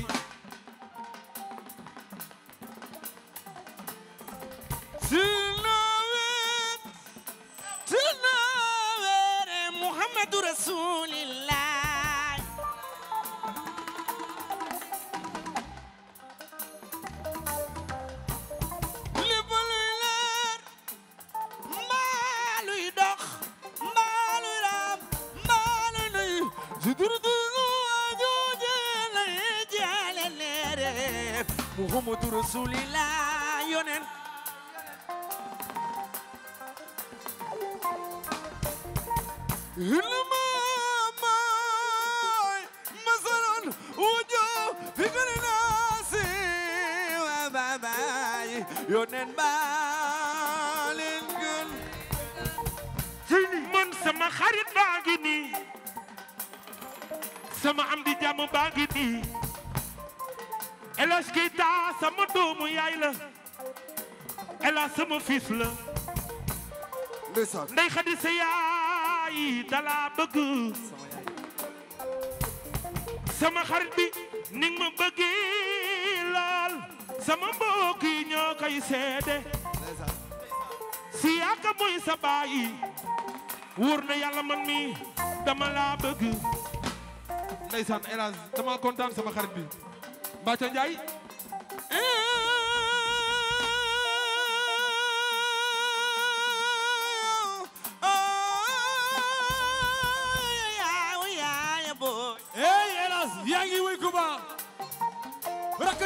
bëgg sama xarit bi ni ma bëggee laal sama mbokk yi ñoo koy seede si yaaka mooy sa bàyyi wóor na yàlla man mi dama laa bëgg ndeysaan hélas dama kontaan sama xarit bi Mbathio Ndiaye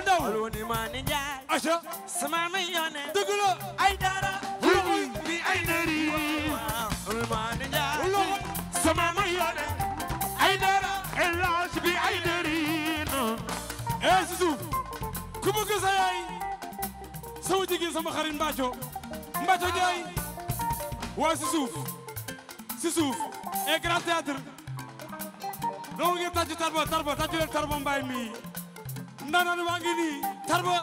ndaw allo ni ma ni njaay aca sama mi yone dëgg la ay dara bi ay nari allo ma ni njaay sama mi yone ay dara elaas bi ay nari ee eh, susu ku bëgg sa yaay sama jigéen sama xarit mbaaco mbaaco jaay waa si suuf si suuf ee eh, grand théâtre loolu ngeen tàccu tarba tarba tàccu leen tarba mbaay mi ndaanaan waa ngi nii tarba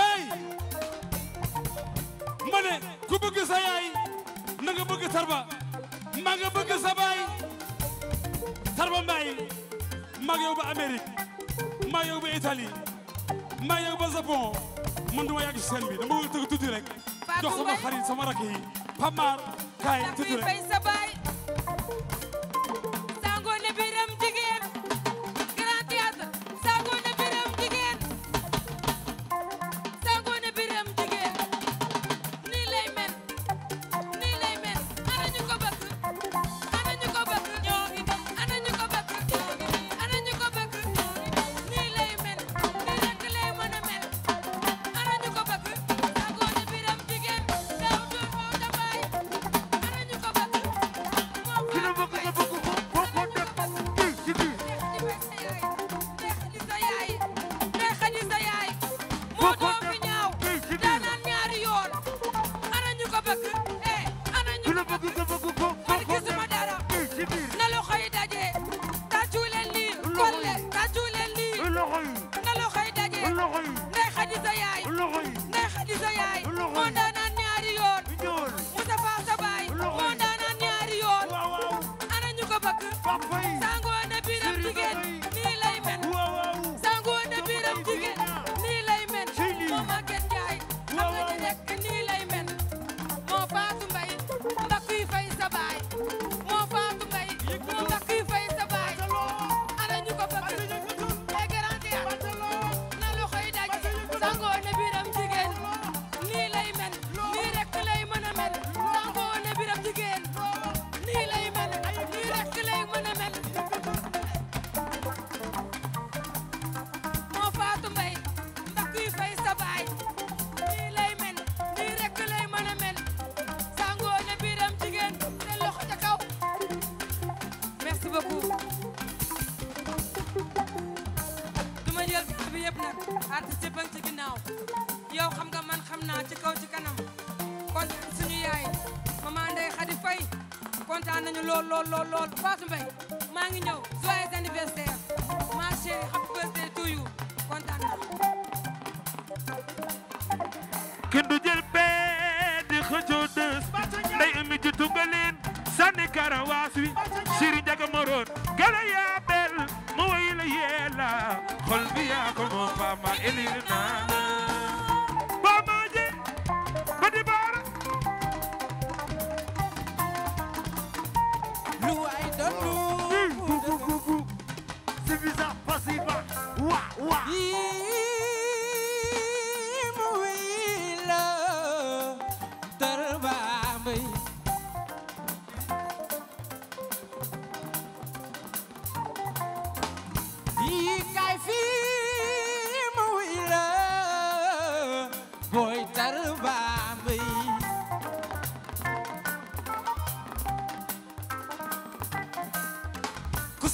ey ma ku bëgg sa yaay bëgg tarba maa nga bëgg sa baay tarba mbaay maa ngi yow ba maa ngi yow maa ngi yow ba Japon man duma yàgg si seen bi dama sama xarit sama rakk yi Pamar kaay tuuti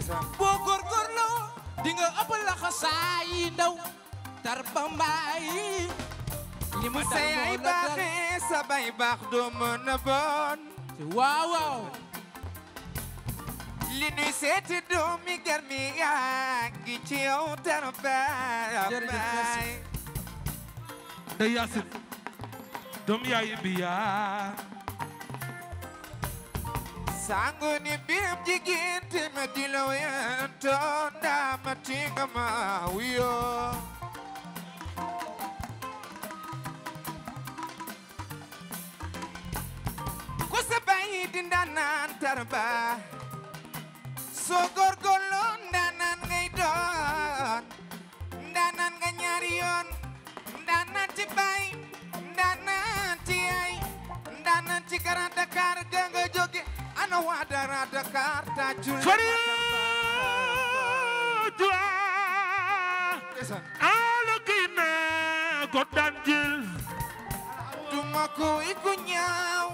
ndeysaan boo góorgóorloo di nga ëpp loxo saa yi ndaw tar ba li mu yaay baaxee sa baax du mën a bon waaw li nuy seeti doomi gar mi ci yow tar baay da yaasin doom Tangu nimemjigiti madilo wento na matinga mawiyo Kusabahi dindanan tarba Sogor golon danan ngaidon Danan nganyarion Danan cipai, Danan ciai Danan cikarata karga ngejoget ana waa dara Dakar tàccul fariidwa ala kina ko danjil duma ko iku ñaaw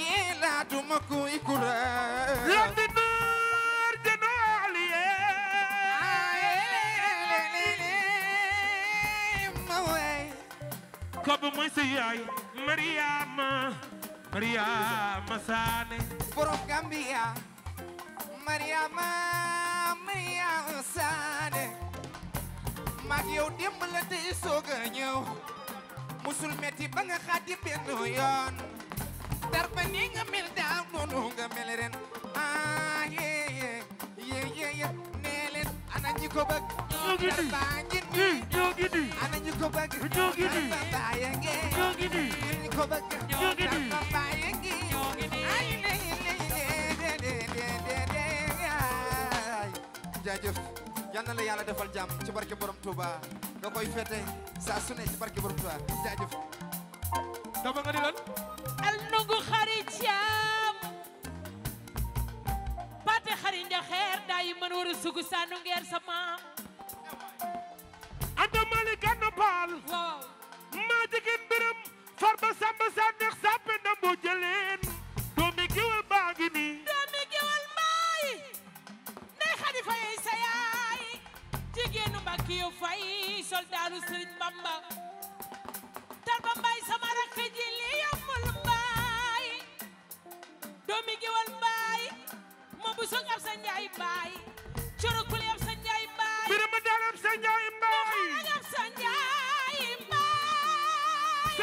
yela duma ko iku reew la di nuur janaal yee ma wey ko bu muy si yaay Mariama Maria Masane Purok Gambia Maria ma Maria Masane Magyo so ganyo Musul meti ba nga xadi yon Dar darba ni nga mel daaw noonu nga mel ren ah ye ye ye nee leen ana ñi ko bëgg darba ngi ana ni ana ko bëgg ñoo ngi ni darba yaa ko bëgg ñoo ngi nii bàyyi ngi ñoo ngi nii na la yàlla defal jàmm ci barke borom Touba nga koy fete saa su ci barke borom Touba jaajëf dama nga di al nungu xari jaam bate xari njaxeer daa yi mën war a sugu saa nu ngeer sa maam anda mali gànn baal maa jigéen biram farba samba sànneex sàppe na moo jëleen doomi géwél baa ngi nii doomi géwél mbaay ndey xadi fayey sa yaay jigéenu mbakki yu fay soldaaru sëriñ bamba tarba mbaay sama rakk ji li yombul mbaay doomi géwél mbaay moo bu soog ab sa njaay mbaay corokule ab sa njaay mbaay birima daal ab sa njaay mbaay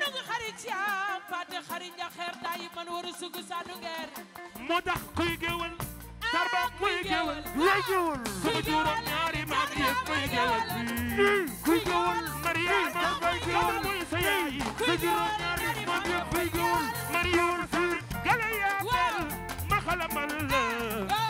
nungu xarit siyaam faate xarit njaxeer dayi man waru sugu saanu ngeer moo tax kuy géwël sarba ah, kuy géwël lay géwël sama juróom ñaari maam yi kuy géwël kuy géwël mariama kuy géwël mooy sa yaay sa juróom ñaari maam yi kuy géwël mariama fur gala yaa ma xalamal la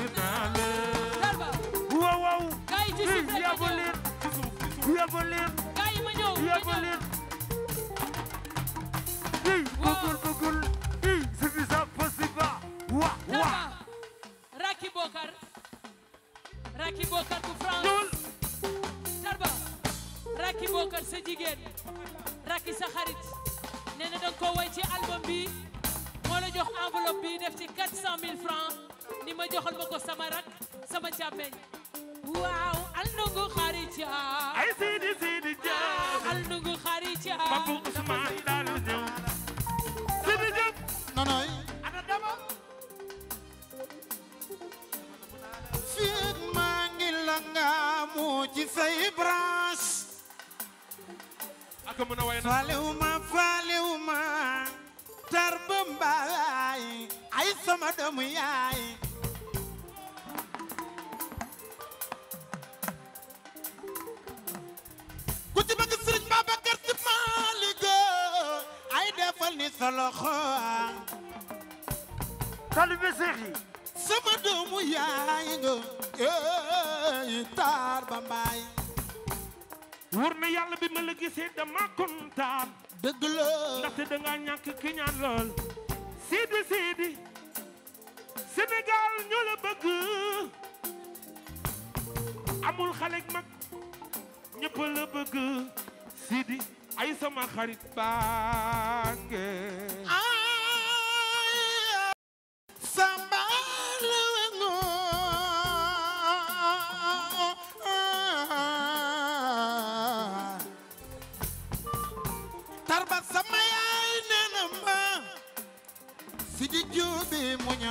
yóbbu leen yóbbu leen yóbbu leen i bugul bugul i suffisant possible wa wa Racky Bokar Racky Bokar bu France Tarba Bokar sa jigéen Racky sa xarit nee na danga album bi moo la jox enveloppe bi def francs ni ma joxal ma ko sama rak sama càmmeñ waaw al nangu xarit ay sidi sidi ja al nangu xarit ya babu Ousmane daal ñëw sidi ja nonoy fiig maa ngi nga mu ci say branche mu na way na faalewuma faalewuma Muxtaar Bambaay ay sama doomu yaay ku ci bëgg Sëriñ Babacar Si Maalik ay defal ni sa loxo talibe Seex sama doomu yaay nga ey eh, Taar Bambaay wóor na yàlla bi ma la gisee dama kontaan dëgg la ndaxte da nga ñàkk ki ñaan lool Sidi Sidi Sénégal ñoo la amul xale mag ñëpp la Sidi ay sama xarit baa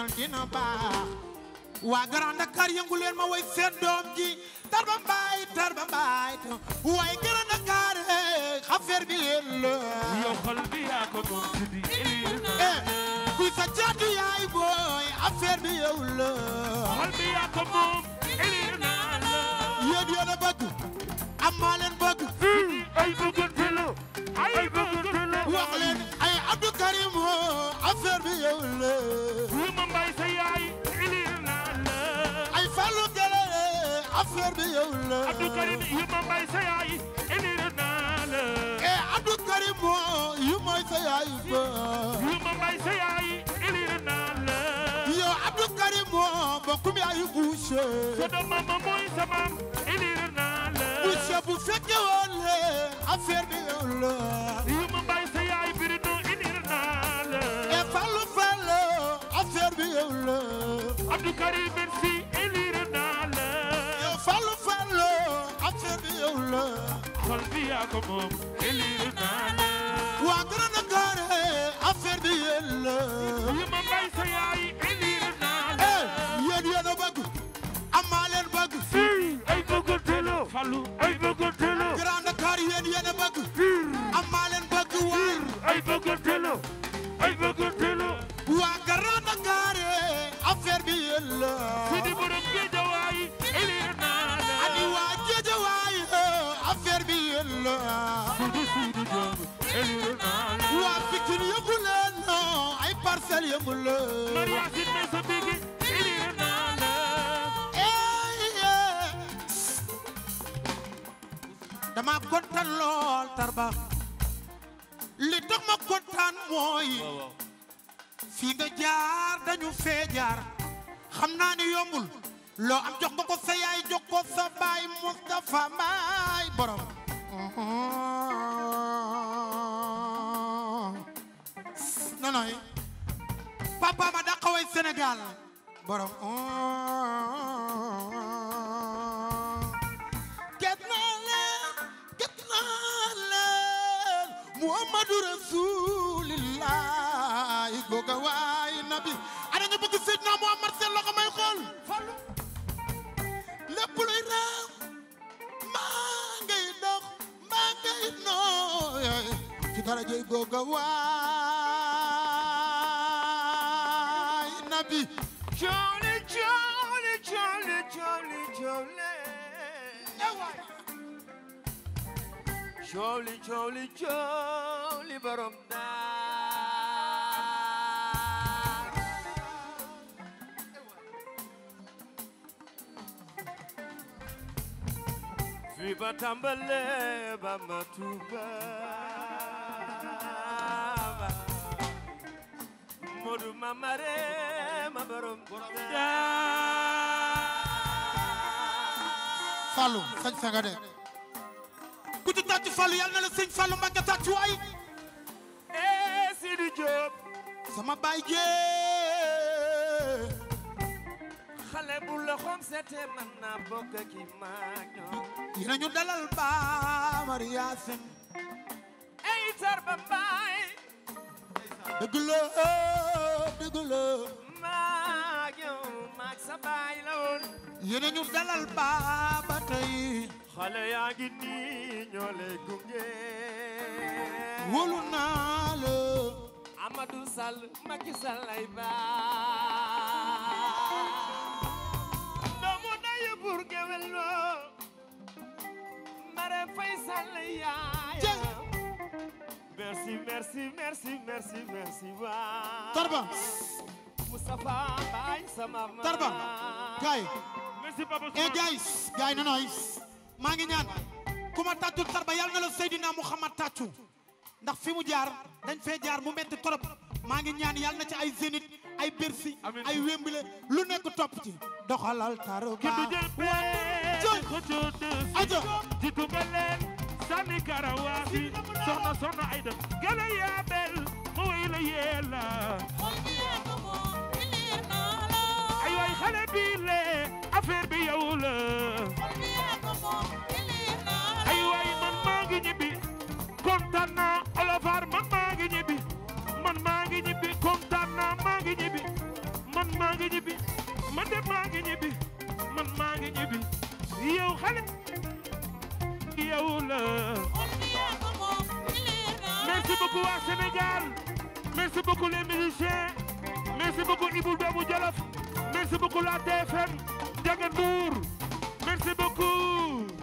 mel dina baax waa Grand Dakar yëngu leen ma way seen doom ji Tarba Mbaye Tarba Mbaye waaye Grand Dakar affaire bi yéen la yow xol bi yaa ko moom ci di ku sa jaatu yaay booy affaire bi yow la xol bi yaa ko moom yéen yéen a bëgg am maa leen bëgg ay bëggante la ay bëggante la wax leen ay Abdou Karim affaire bi yow la affaire bi yow la Abdou Karim yu ma may sa yaay indil naa la eh Abdou Karim moo yu may sa yaay ba yu ma may sa yaay indil naa la yow Abdou Karim moo mbokkum yaayu Boucher sa doom mama mooy sa maam indil naa la Boucher bu fekke woon le affaire bi yow la yu ma may sa yaay birino indil naa la eh Fallou Fall affaire bi yow la Abdou Karim merci yow la xol bi yaa ko moom délire naa la waa Grand Dakar affaire bi yéen la yi ma bay sa yaay délire naa la eh, yéen yéen a bëgg amaa leen bëgg ay bëggantelo Fallou ay bëggantelo Grand Dakar yéen yéen a bëgg amaa leen bëgg waar ay bëggantelo ay bëggantelo waa Grand Dakar affaire bi yéen la fi di borom géejawaay waa Pikine yëngu leen non ay parcelles yëngu leen. dama kontaan lool Tarba. li tax ma kontaan mooy. fii nga jaar dañu fee jaar. xam naa ni yombul. loo am jox ko sa yaay jox ko sa baay non non papa ma dàqa way Sénégal borom oh. get naa leen get naa leen Muhammadu Rasulillah googa waay nabi ana ñu bëgg Seydina Muhammad seen loxo may xool lépp luy raam maa ngay kay no ci darajay googa waay nabi jolly jolly jolly jolly jolly jolly jolly jolly borom naa bibatambale bamatuba modu mamare mabarom Fallou sañ sanga de ku ci tàcc Fallou yal na la sëñ Fallou Mbacké tàcc eh Sidi Diop sama baay jee loxoom seete man na bokk ki mañoo dina ñu dalal ba Maria Sène ey Tarba Mbaye dëgg la la maag yow maag sa baay la dalal ba ba tey xale yaa ngi nii ñoo lay gunge wóolu naa la Amadou Sall Macky Sall ay Ya, ya. merci merci merci merci merci eh guys nois Muhammad Tatu. fi mu jaar dañ jaar mu metti na ci ay ay lu nekk top ci doxalal Tarba aja jitu nga leen sànni karawaafi soxna soxna ay da yaa bel mu wéy la yeela ay waay xale bi le affaire bi yow la ay waay man maa ngi ñibbi kontaan naa olofar man maa ngi ñibbi man maa ngi ñibbi man maa ngi ñibbi man maa ngi ñibbi man maa ngi ñibbi yow xale yow la merci beaucoup waa Sénégal merci beaucoup les musiciens merci beaucoup Ibou Doomu Jolof merci beaucoup la TFM Ndiaga Ndour merci beaucoup